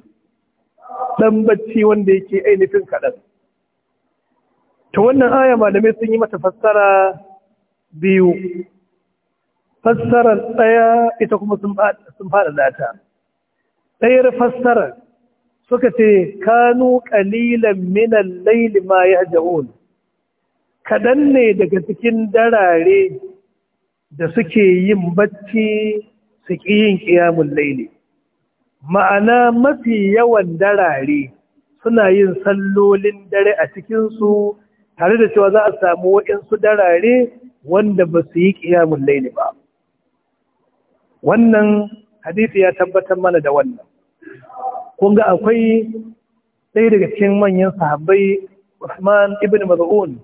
ɗan bacci wanda yake ainihin kaɗan Ta wannan aya malamai sun yi mata fassara biyu fassarar ɗaya ita kuma sun faɗa ta ɗayar fassarar suka ce kanu ƙalilan minan laili ma ya kaɗan ne daga cikin darare da suke yin bacci su ƙi yin ƙiyamun laili ma'ana mafi yawan darare suna yin sallolin dare a cikinsu tare da cewa za a samu waɗansu darare wanda ba su yi ƙiyamun laili ba wannan hadisi ya tabbatar mana da wannan kun ga akwai ɗaya daga cikin manyan sahabbai Usman ibn Maz'un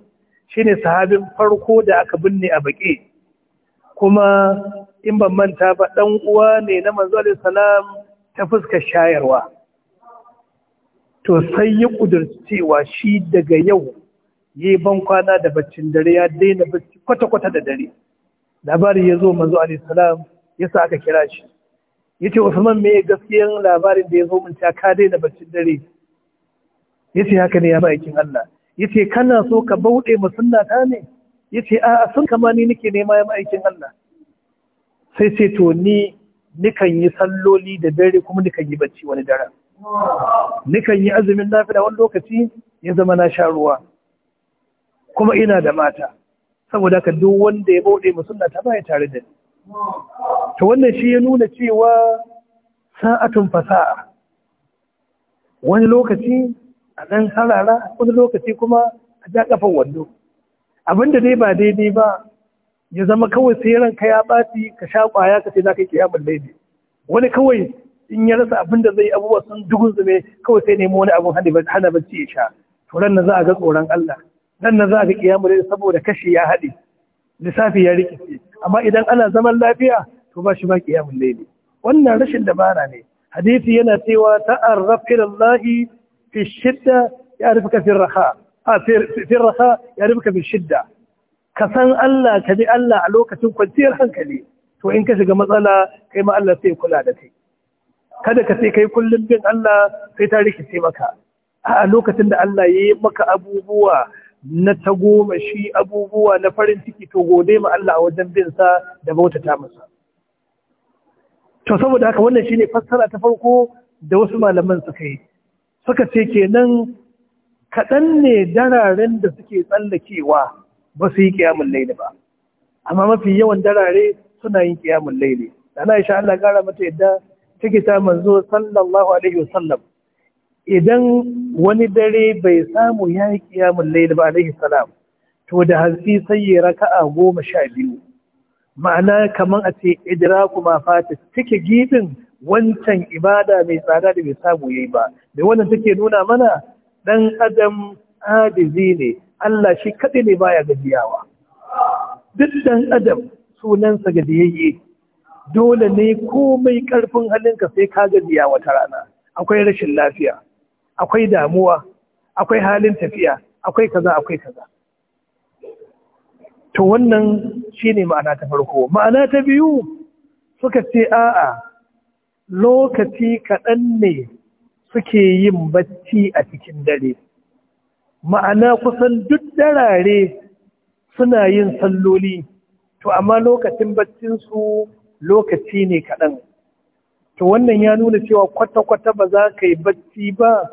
Shi ne sahabin farko da aka binne a baƙi kuma in ban manta ba ɗan uwa ne na manzo alaihi ta fuska shayarwa to sai ya ƙudurci shi daga yau yi ban kwana da baccin dare ya daina bacci kwata-kwata da dare labari ya zo manzo alaihi ya sa aka kira shi ya ce man me gaskiyan labarin da ya zo mun ka daina baccin dare ya ce haka ne ya ma'aikin allah yace kana so ka bauɗe ma sunna ta ne yace a'a sun kama ni nake nema ya aikin Allah sai ce to ni nikan yi salloli da dare kuma nikan yi bacci wani dare nikan yi azumin nafila wani lokaci ya zama na sha ruwa kuma ina da mata saboda ka duk wanda ya bauɗe ma sunna ta baya tare da ni to wannan shi ya nuna cewa sa'atun fasa'a wani lokaci a ɗan harara wani lokaci kuma a ja kafan wando Abin da dai ba daidai ba ya zama kawai sai ka ya ɓaci ka sha ƙwaya ka ce za ka yi kiyamun laifi wani kawai in ya rasa abin da zai abubuwa sun dugun zume kawai sai nemo wani abin hana bacci ya sha to ran na za a ga tsoron Allah ran na za a ga kiyamun laifi saboda kashe ya haɗe lissafi ya rikice amma idan ana zaman lafiya to ba shi ba kiyamun laifi wannan rashin dabara ne hadisi yana cewa ta'arraf ila lallahi. في الشدة يعرفك في الرخاء في, في الرخاء يعرفك في الشدة كسان الله كبي الله علوك تنكنتير hankali. to in ka shiga matsala kai ma Allah sai kula da kai kada ka sai kai kullum bin Allah sai ta rikice maka A'a, lokacin da Allah ya maka abubuwa na tagomashi abubuwa na farin ciki to gode ma Allah a wajen bin sa da bautata masa to saboda haka wannan shine fassara ta farko da wasu malaman suka yi suka ce kenan kaɗan ne dararen da suke tsallakewa ba su yi ƙiyamun laili ba amma mafi yawan darare suna yin ƙiyamun laili ana isha Allah ƙara mata yadda take ta manzo sallallahu alaihi wasallam idan wani dare bai samu ya yi ƙiyamun laili ba alaihi salam to da hansi sai ya a goma sha biyu ma'ana kamar a ce idra kuma fata take gibin wancan ibada mai tsada da bai samu yi ba da wannan take nuna mana ɗan adam adizi ne Allah shi kaɗai ne baya gajiyawa duk ɗan adam sunansa gajiyayye dole ne komai ƙarfin halinka sai ka gajiya wata rana akwai rashin lafiya akwai damuwa akwai halin tafiya akwai kaza akwai kaza to wannan shine ma'ana ta farko ma'ana ta biyu suka ce a'a lokaci kaɗan ne suke yin bacci a cikin dare ma'ana kusan duk darare suna yin salloli to amma lokacin baccinsu lokaci ne kaɗan to wannan ya nuna cewa kwata-kwata ba za ka yi bacci ba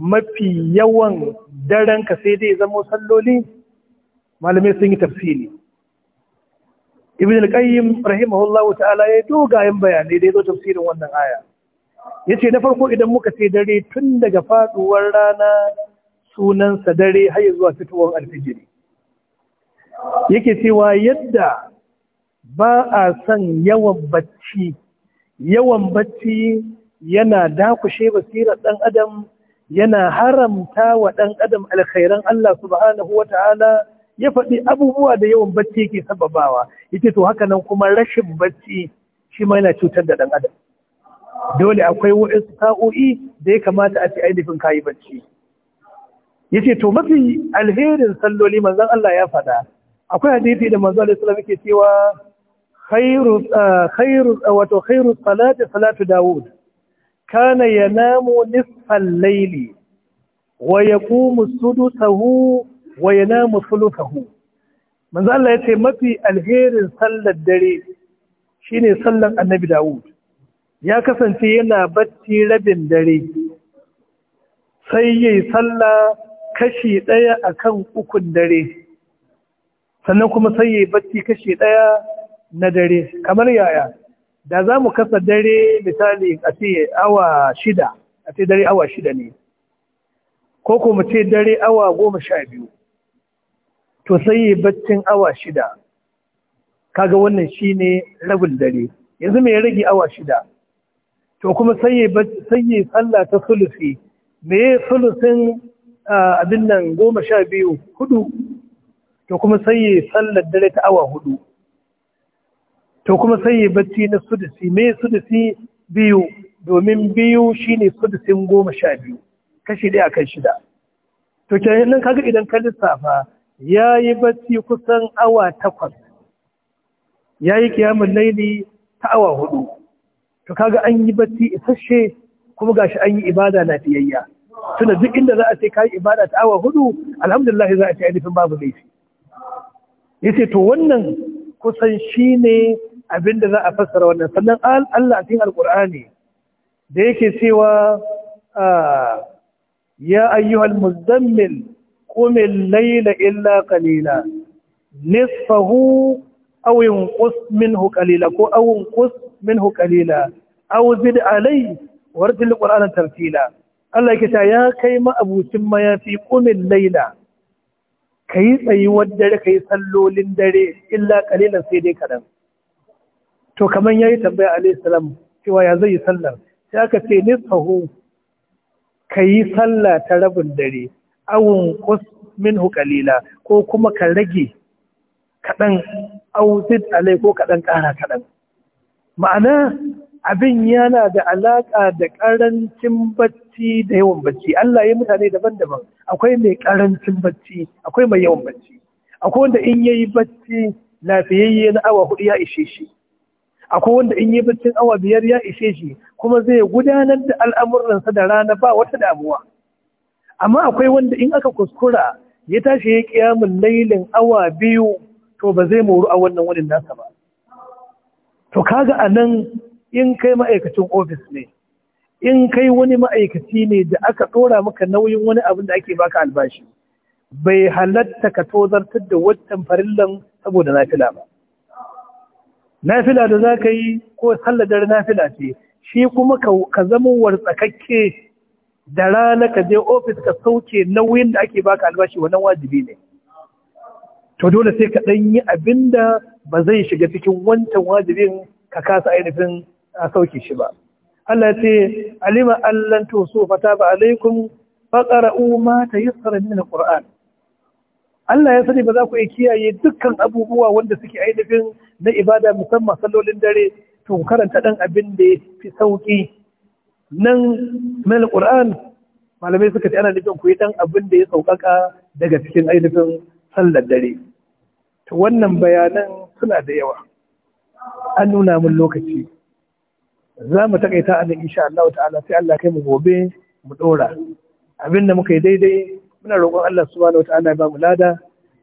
mafi yawan daren ka sai dai zama salloli malamai sun yi tafsiri ibn al-qayyim rahimahullahu ta'ala ya dogayen bayanai da yazo tafsirin wannan aya yace na farko idan muka ce dare tun daga faduwar rana sunan sa dare har zuwa fitowar alfijiri yake cewa yadda ba a son yawan bacci yawan bacci yana dakushe basirar dan adam yana haramta wa dan adam alkhairan Allah subhanahu wata'ala ya faɗi abubuwa da yawan bacci ke sababawa yace to haka nan kuma rashin bacci shi ma yana cutar da ɗan adam dole akwai wa'insu sa'o'i da ya kamata a ce ainihin kayi bacci yace to mafi alherin salloli manzon Allah ya faɗa akwai hadisi da manzon Allah sallallahu alaihi cewa khairu khairu wato khairu salati salatu daud kana yanamu nisfal layli wa yaqumu sudusahu wa yanamu thuluthahu manzo Allah ya ce mafi alherin sallar dare shine sallar annabi Dawud ya kasance yana bacci rabin dare sai yayi sallah kashi daya kan ukun dare sannan kuma sai yayi bacci kashi ɗaya na dare kamar yaya da za mu kasa dare misali a ce awa shida a ce dare awa shida ne ko kuma ce dare awa goma sha biyu to sai yi baccin awa shida kaga wannan shi ne rabin dare yanzu mai rage awa shida to kuma sai yi sallah ta sulufi, me sulufin abin nan goma sha biyu hudu to kuma sai yi sallar dare ta awa hudu to kuma sai yi bacci na sudusi me sudusi biyu domin biyu shine sudusin goma sha biyu kashi ɗaya kan shida to kenan kaga idan ka lissafa ya yi bacci kusan awa takwas ya yi kiyamun laili ta awa hudu to kaga an yi bacci isasshe kuma gashi an yi ibada lafiyayya tunda duk inda za a ce kayi ibada ta awa hudu alhamdulillah za a ce ainihin babu laifi yace to wannan kusan shine abin da za a fassara wannan sannan Allah a cikin alqur'ani da yake cewa ah, ya ayyuhal muzammil قم الليل إلا قليلا نصفه أو انقص منه قليلا أو انقص منه قليلا أو زد عليه ورتل القرآن ترتيلا الله يكتا يا كيما أبو سما يا في قم الليل كي سيودر كي سلو لندر إلا قليلا سيدي كلام تو كمان yayi tambaya عليه السلام كوا يا زي sallar sai aka ce nisfahu kayi sallah ta rabin dare awun kus minhu kalila ko kuma ka rage kaɗan ausid alai ko kaɗan ƙara kaɗan ma'ana abin yana da alaƙa da ƙarancin bacci da yawan bacci Allah ya mutane daban-daban akwai mai ƙarancin bacci akwai mai yawan bacci akwai wanda in yayi bacci lafiyayye na awa hudu ya ishe shi akwai wanda in yi baccin awa biyar ya ishe shi kuma zai gudanar da al'amuransa da rana ba wata damuwa amma akwai wanda in aka kuskura ya tashi ya kiyamun lailin awa biyu to ba zai moru a wannan wani nasa ba to kaga a nan in kai ma'aikacin ofis ne in kai wani ma'aikaci ne da aka ɗora maka nauyin wani abin da ake baka albashi bai halatta ka tozartar da watan farillan saboda nafila ba nafila da za ka yi ko sallar dare nafila ce shi kuma ka zama wartsakakke da rana ka je ofis ka sauke nauyin da ake baka albashi wannan wajibi ne to dole sai ka ɗan yi abinda da ba zai shiga cikin wancan wajibin ka kasa ainihin a sauke shi ba Allah ya ce alima allan to so fata ba alaikum faqra'u ma tayassara min alquran Allah ya sani ba za ku iya kiyaye dukkan abubuwa wanda suke ainihin na ibada musamman sallolin dare to karanta dan abin da ya fi sauki nan min alquran malamai suka ce ana nufin ku yi dan abin da ya saukaka daga cikin ainihin sallar dare Ta wannan bayanan suna da yawa an nuna mun lokaci za mu takaita nan insha Allah ta'ala sai Allah kai mu gobe mu dora abinda muka yi daidai muna roƙon Allah subhanahu wataala ya ba mu lada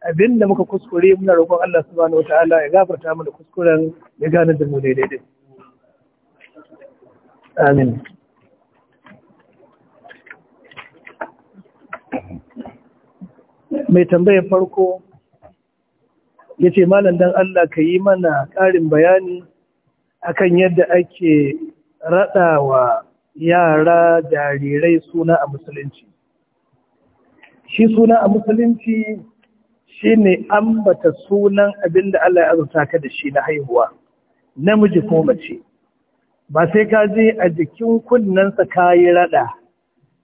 abinda muka kuskure muna roƙon Allah subhanahu wataala ya gafarta mana kuskuren ya gane da mu daidai amin mai tambayar farko ya ce malam dan Allah ka yi mana ƙarin bayani akan yadda ake wa yara jarirai suna a musulunci shi suna a musulunci shi ne ambata sunan abin da Allah ya azurta ka da shi na haihuwa namiji ko mace ba sai ka je a jikin kunnensa ka yi raɗa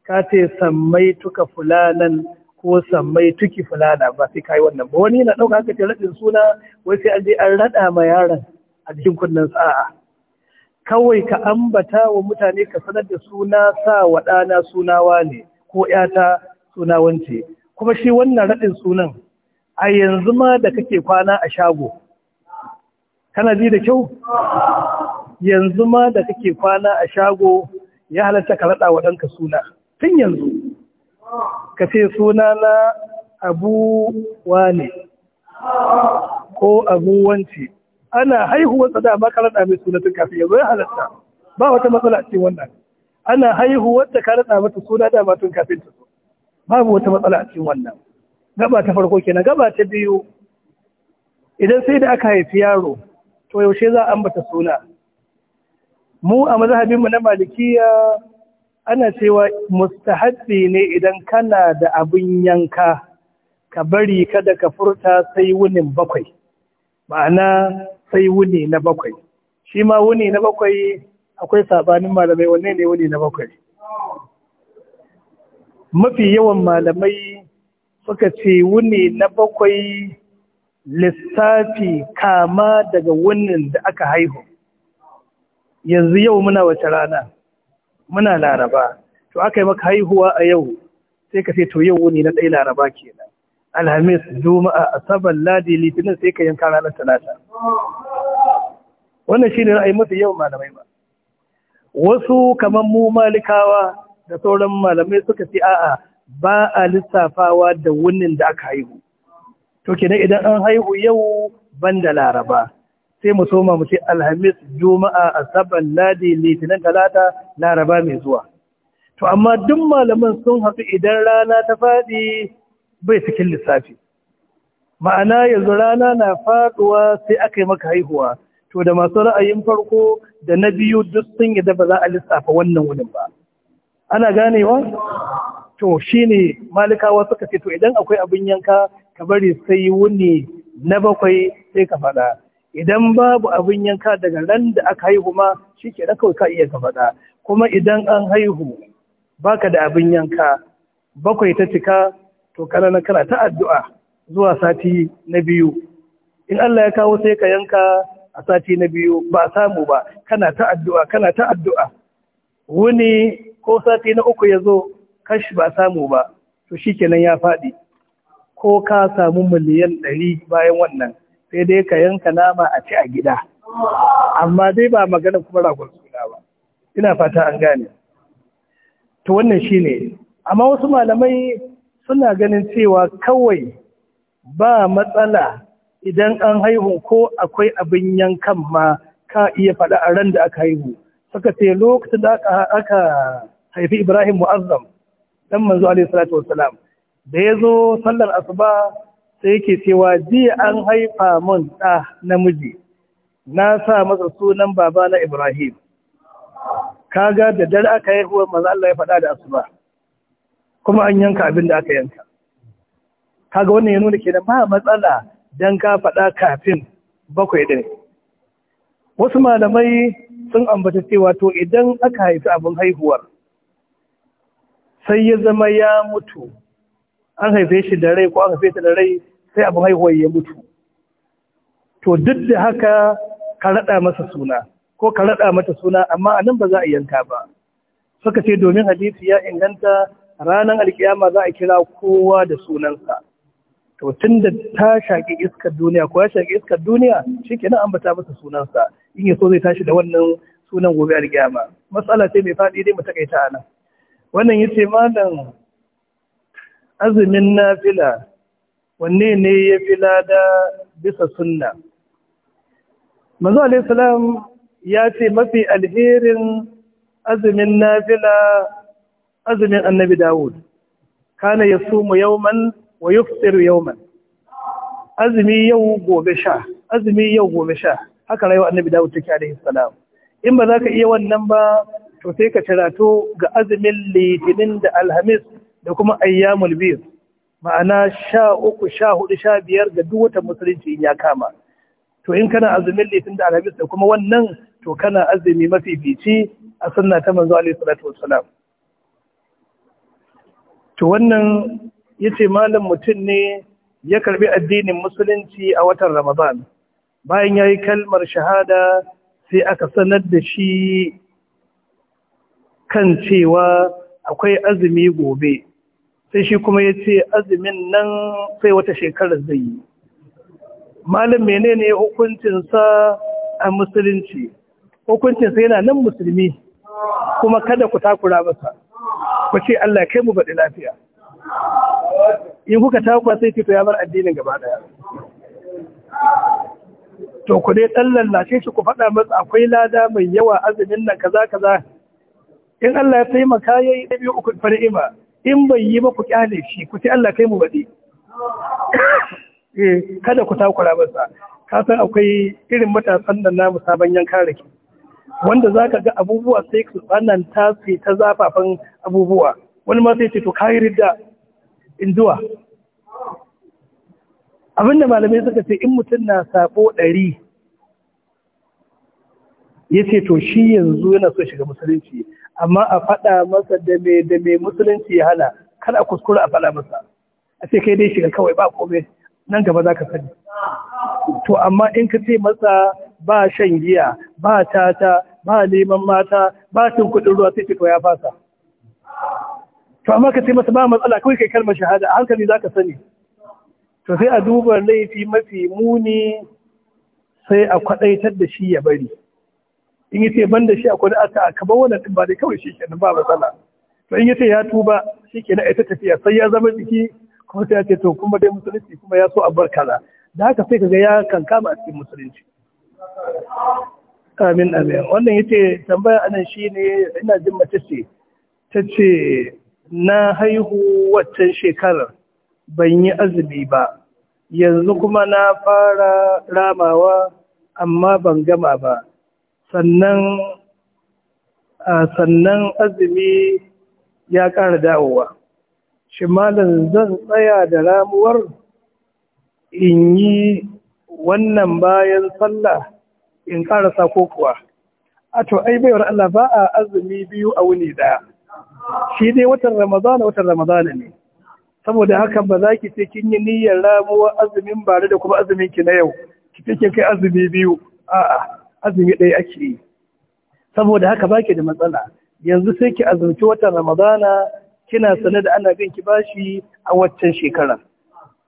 ka ce sammai tuka fulanan ko sammai tuki fulana ba sai kai wannan ba wani na ɗauka haka ce raɗin suna wai sai an je an raɗa ma yaron a jikin kunnen sa'a kawai ka ambata wa mutane ka sanar da suna sa wa ɗana sunawa ne ko ƴata sunawance kuma shi wannan raɗin sunan a yanzu ma da kake kwana a shago kana ji da kyau yanzu ma da kake kwana a shago ya halatta ka raɗa wa ɗanka suna tun yanzu ka ce na abu wane ko abu wance ana haihuwar tsada dama ka mai sunatun kafin yanzu ya halatta ba wata matsala ce wannan ana haihuwar ta ka raɗa mata suna dama tun kafin ta so babu wata matsala ce wannan gaba ta farko kenan gaba ta biyu idan sai da aka haifi yaro to yaushe za a ambata suna mu a mazhabinmu na malikiya ana cewa mustahabbi ne idan kana da abin yanka ka bari kada ka furta sai wunin bakwai ma'ana sai wuni na bakwai shi ma wuni na bakwai akwai sabanin malamai wanne ne wuni na bakwai mafi yawan malamai suka ce wuni na bakwai lissafi kama daga wunin da aka haihu yanzu yau muna wace rana muna laraba to aka yi maka haihuwa a yau sai ka ce to yau wuni na ɗaya laraba kenan alhamis juma'a asabar ladi litinin sai ka yanka ranar talata wannan shi ne ra'ayi masa yawan malamai ba wasu kamar mu malikawa da sauran malamai suka ce a'a ba a lissafawa da wunin da aka haihu to kenan idan an haihu yau ban da laraba sai mu soma mu ce alhamis juma'a asabar ladi litinin talata laraba mai zuwa to amma duk malaman sun haɗu idan rana ta faɗi bai cikin lissafi ma'ana yanzu rana na faɗuwa sai aka yi maka haihuwa to da masu ra'ayin farko da na biyu duk sun yi da ba za a lissafa wannan wunin ba ana ganewa to shi ne, malikawa suka ce to idan akwai abin yanka ka bari sai wuni na bakwai sai ka faɗa idan babu abin yanka daga ran da aka haihu ma shi ke kawai ka iya ka faɗa kuma idan an haihu baka da abin yanka bakwai ta cika to kana na kana ta addu'a zuwa sati na biyu in Allah ya kawo sai ka yanka a sati na biyu ba samu ba kana ta addu'a kana ta addu'a wuni ko sati na uku ya zo kashi ba a samu ba to shi kenan ya faɗi ko ka samu miliyan ɗari bayan wannan sai dai ka yanka nama a ci a gida amma dai ba magana kuma ragon suna ba ina fata an gane to wannan shine amma wasu malamai suna ganin cewa kawai ba matsala idan an haihu ko akwai abin yankan ma ka iya faɗa a ran da aka haihu Saka ce lokacin da aka haifi ibrahim mu'azzam dan manzo alaihi salatu wassalam da ya zo sallar asuba sai yake cewa jiya an haifa mun ɗa namiji na sa masa sunan baba na Ibrahim kaga da dare aka yi huwa maza Allah ya faɗa da asuba kuma an yanka abin da aka yanka kaga wannan ya nuna kenan ba matsala dan ka faɗa kafin bakwai ɗin wasu malamai sun ambata cewa to idan aka haifi abin haihuwar sai ya zama ya mutu an haife shi da rai ko an haife ta da rai sai abin haihuwar ya mutu to duk da haka ka raɗa masa suna ko ka raɗa mata suna amma a nan ba za a yanka ba suka ce domin hadisi ya inganta ranar alkiyama za a kira kowa da sunansa to tun da ta shaƙi iskar duniya ko ya shaƙi iskar duniya shi ke nan ambata masa sunansa in ya so zai tashi da wannan sunan gobe alkiyama matsala ce mai faɗi dai mu taƙaita a nan wannan ya ce malam azumin nafila wanne ne ya fi lada bisa sunna Mazu alayhi ya ce mafi alherin azumin nafila azumin annabi dawud kana yasumu yawman wa yuftiru man. azumi yau gobe sha azumi yau gobe sha haka rayuwa annabi dawud take alaihi salam in ba za ka iya wannan ba to sai ka to ga azumin litinin da alhamis da kuma ayyamul biu ma'ana sha uku sha hudu sha biyar ga duk watan musulunci in ya kama to in kana azumin litin da alhamis da kuma wannan to kana azumi mafi mafifici a sunna ta manzo alaihi salatu wassalam to wannan yace malam mutum ne ya karbi addinin musulunci a watan ramadan bayan yayi kalmar shahada sai aka sanar da shi kan cewa akwai azumi gobe sai shi kuma ya ce azumin nan sai wata shekarar zai yi malam menene hukuncinsa a musulunci hukuncinsa yana nan musulmi kuma kada ku takura masa ku ce Allah kai mu baɗi lafiya in kuka takura sai fito ya bar addinin gaba ɗaya to ku dai ɗan lashe shi ku faɗa masa akwai lada mai yawa azumin nan kaza kaza in Allah ya taimaka yayi ɗabi'u ku ima. in bai yi ba ku kyale shi ku ce Allah kai mu baɗi eh, kada ku takura masa ka san akwai irin matasan da namu sabon yanka rake wanda za ka ga abubuwa sai su ta su ta zafafan abubuwa wani ma sai ce to kayi ridda in zuwa abinda malamai suka ce in mutum na sabo ɗari ya ce to shi yanzu yana so shiga musulunci amma a faɗa masa da mai musulunci ya hana kada a kuskura a faɗa masa a ce kai dai shiga kawai ba kome nan gaba za ka sani to amma in ka ce masa ba shan giya ba tata ba neman mata ba cin kuɗin ruwa sai to ya fasa to amma ka ce masa ba matsala kawai kai kalmar shahada a hankali za ka sani to sai a duba laifi mafi muni sai a kwaɗaitar da shi ya bari in yace ban da shi akwai aka aka ba wannan din ba dai kawai shi kenan ba matsala to in yace ya tuba shi kenan ai ta tafiya sai ya zama jiki kuma sai ya ce to kuma dai musulunci kuma ya so a bar kaza da haka sai kaga ya kankama a cikin musulunci amin amin wannan yace tambaya anan shine ina jin mace ce ta ce na haihu waccan shekarar ban yi azumi ba yanzu kuma na fara ramawa amma ban gama ba sannan sannan azumi ya ƙara dawowa shi malam zan tsaya da ramuwar in yi wannan bayan sallah in ƙarasa ko kuwa a to ai baiwar Allah ba a azumi biyu a wuni ɗaya shi dai watan ramadana watan ramadana ne saboda haka ba za ki ce kin yi niyyar ramuwar azumin bare da kuma azumin ki na yau ki ce kai azumi biyu a'a azumi ɗaya ake yi saboda haka baki da matsala yanzu sai ki azumci watan ramadana kina sane da ana bin ki bashi a waccan shekara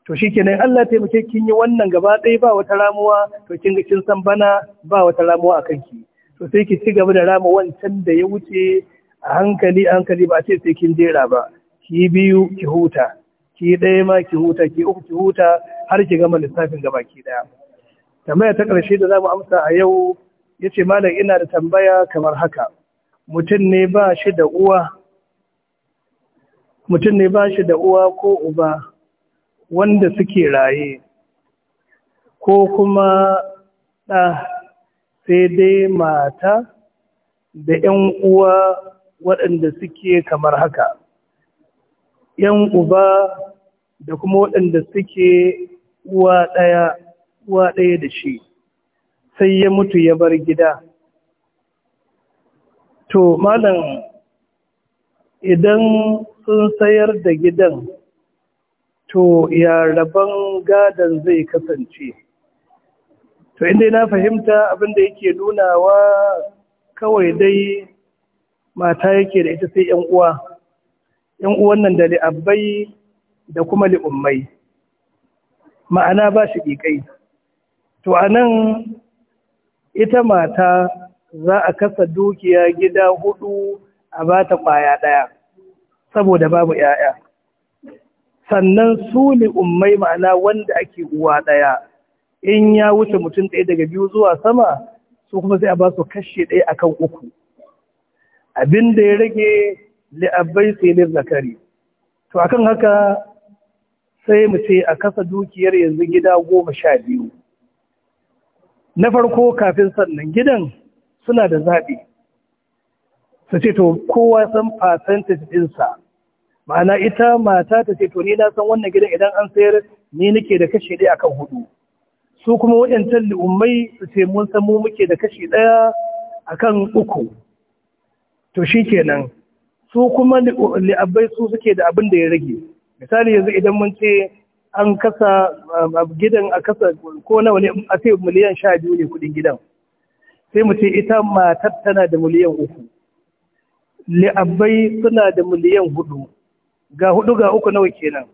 to kenan Allah muke kin yi wannan gaba ɗaya ba wata ramuwa to kin ga kin san bana ba wata ramuwa a kanki to sai ki ci gaba da rama wancan da ya wuce a hankali a hankali ba ce sai kin jera ba ki biyu ki huta ki ɗaya ma ki huta ki uku ki huta har ki gama lissafin gaba ki ɗaya tambaya ta ƙarshe da za mu amsa a yau ya ce malam ina da tambaya kamar haka mutum ne ba shi da uwa ko uba wanda suke raye ko kuma ɗa sai dai mata da 'yan uwa waɗanda suke kamar haka 'yan uba da kuma waɗanda suke uwa ɗaya uwa ɗaya da shi sai ya mutu ya bar gida to malam idan sun sayar da gidan to ya rabon gadon zai kasance to inda na fahimta abinda yake nunawa kawai dai mata yake da ita sai yan uwa yan uwan nan da li'abbai da kuma li'ummai ma'ana ba shi ƙiƙai to anan ita mata za a kasa dukiya gida hudu a ba ta kwaya ɗaya saboda babu ‘ya'ya. Sannan su ne ummai ma'ana wanda ake uwa ɗaya, in ya wuce mutum ɗaya daga biyu zuwa sama, su kuma sai a ba su kashe ɗaya akan uku. Abin da ya rage li'abbai filin zakari. To, akan haka sai mu ce a kasa dukiyar yanzu gida goma sha biyu. na farko kafin sannan gidan suna da zaɓi su ce to kowa san percentage ɗinsa ma'ana ita mata ta ce to ni na san wannan gidan idan an sayar ni nake da kashi ɗaya akan hudu su kuma waɗancan li'ummai su ce mun san mu muke da kashi ɗaya akan uku to shi kenan su kuma li'abbai su suke da abin da ya rage misali yanzu idan mun ce an kasa gidan a kasa ko nawa ne a ce miliyan sha biyu ne kudin gidan sai mu ce ita matar tana da miliyan uku li'abbai suna da miliyan hudu ga hudu ga uku nawa kenan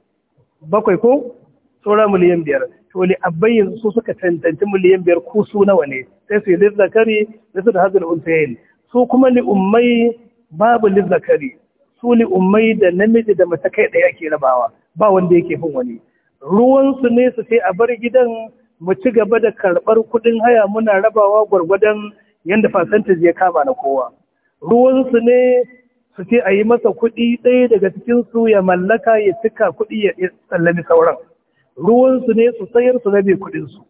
bakwai ko tsora miliyan biyar to li'abbai yanzu su suka tantanci miliyan biyar ko su nawa ne sai su yi lizzakari da su da hazin unsayin su kuma li'ummai babu lizzakari su li'ummai da namiji da matakai ɗaya ke rabawa ba wanda yake fin wani ruwansu ne su ce a bar gidan mu ci gaba da karɓar kuɗin haya muna rabawa gwargwadon yadda fasantis ya kama na kowa ruwansu ne su ce a yi masa kuɗi ɗaya daga cikinsu ya mallaka ya cika kuɗi ya tsallami sauran ruwansu ne su sayar su rabe kuɗinsu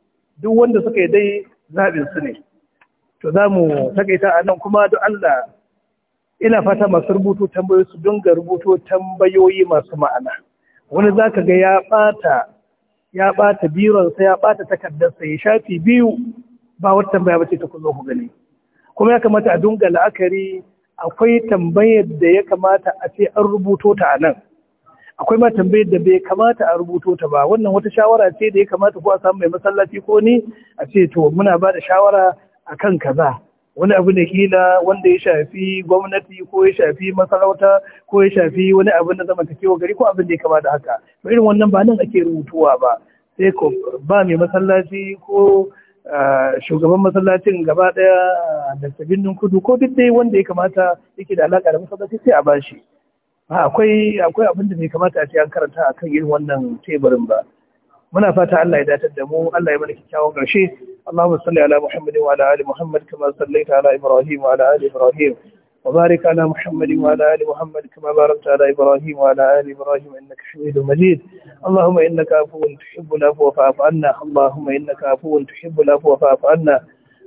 duk wanda suka yi dai zaɓinsu ne to za mu takaita a nan kuma da Allah ina fata masu rubutu tambayoyi su dinga rubuto tambayoyi masu ma'ana wani za ka ga ya ɓata ya bironsa ya ɓata takardarsa ya shafi biyu ba wata tambaya ba ce ta kuzo ku gani kuma ya kamata a dunga la'akari akwai tambayar da ya kamata a ce an rubuto ta a nan akwai ma tambayar da bai kamata a rubuto ta ba wannan wata shawara ce da ya kamata ko a samu mai masallaci ko ni a ce to muna ba da shawara kan kaza wani abu ne kila wanda ya shafi gwamnati ko ya shafi masarauta ko ya shafi wani abu na zamantakewa gari ko abin da ya kama da haka Ba irin wannan ba nan ake rubutuwa ba sai ko ba mai masallaci ko shugaban masallacin gaba daya da sabbin kudu ko duk dai wanda ya kamata yake da alaka da masallaci sai a bashi akwai akwai abin da bai kamata a ce an karanta akan irin wannan teburin ba muna fata Allah ya datar da mu Allah ya mana kyakkyawan ƙarshe Allahumma salli ala Muhammad wa ala ali Muhammad kama sallaita ala Ibrahim wa ala ali Ibrahim wa barik ala Muhammad wa ala ali Muhammad kama barakta ala Ibrahim wa ala ali Ibrahim innaka Hamidum Majid Allahumma innaka afuwun tuhibbul afwa fa'fu anna Allahumma innaka afuwun tuhibbul afwa fa'fu anna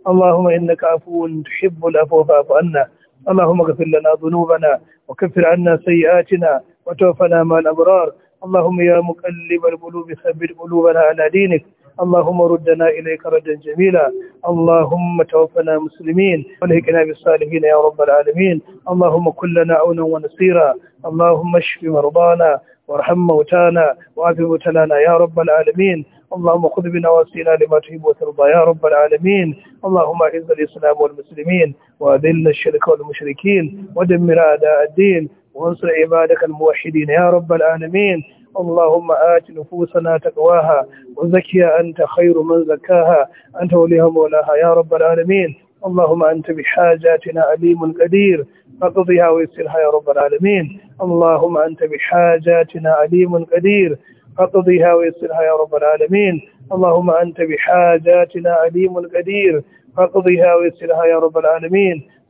اللهم إنك عفو تحب العفو فاعف عنا اللهم اغفر لنا ذنوبنا وكفر عنا سيئاتنا وتوفنا مع الأبرار اللهم يا مقلب القلوب ثبت قلوبنا على دينك اللهم ردنا إليك ردا جميلا اللهم توفنا مسلمين والهكنا بالصالحين يا رب العالمين اللهم كلنا عونا ونصيرا اللهم اشف مرضانا وارحم موتانا وعاف مبتلانا يا رب العالمين اللهم خذ بنواصينا لما تحب وترضى يا رب العالمين اللهم اعز الاسلام والمسلمين واذل الشرك والمشركين ودمر اعداء الدين وانصر عبادك الموحدين يا رب العالمين اللهم آت نفوسنا تقواها وزكها أنت خير من زكاها أنت وليها مولاها يا رب العالمين اللهم أنت بحاجاتنا عليم قدير فاقضها ويسرها يا رب العالمين اللهم أنت بحاجاتنا عليم قدير فاقضها ويسرها يا رب العالمين اللهم أنت بحاجاتنا عليم قدير فاقضها ويسرها يا رب العالمين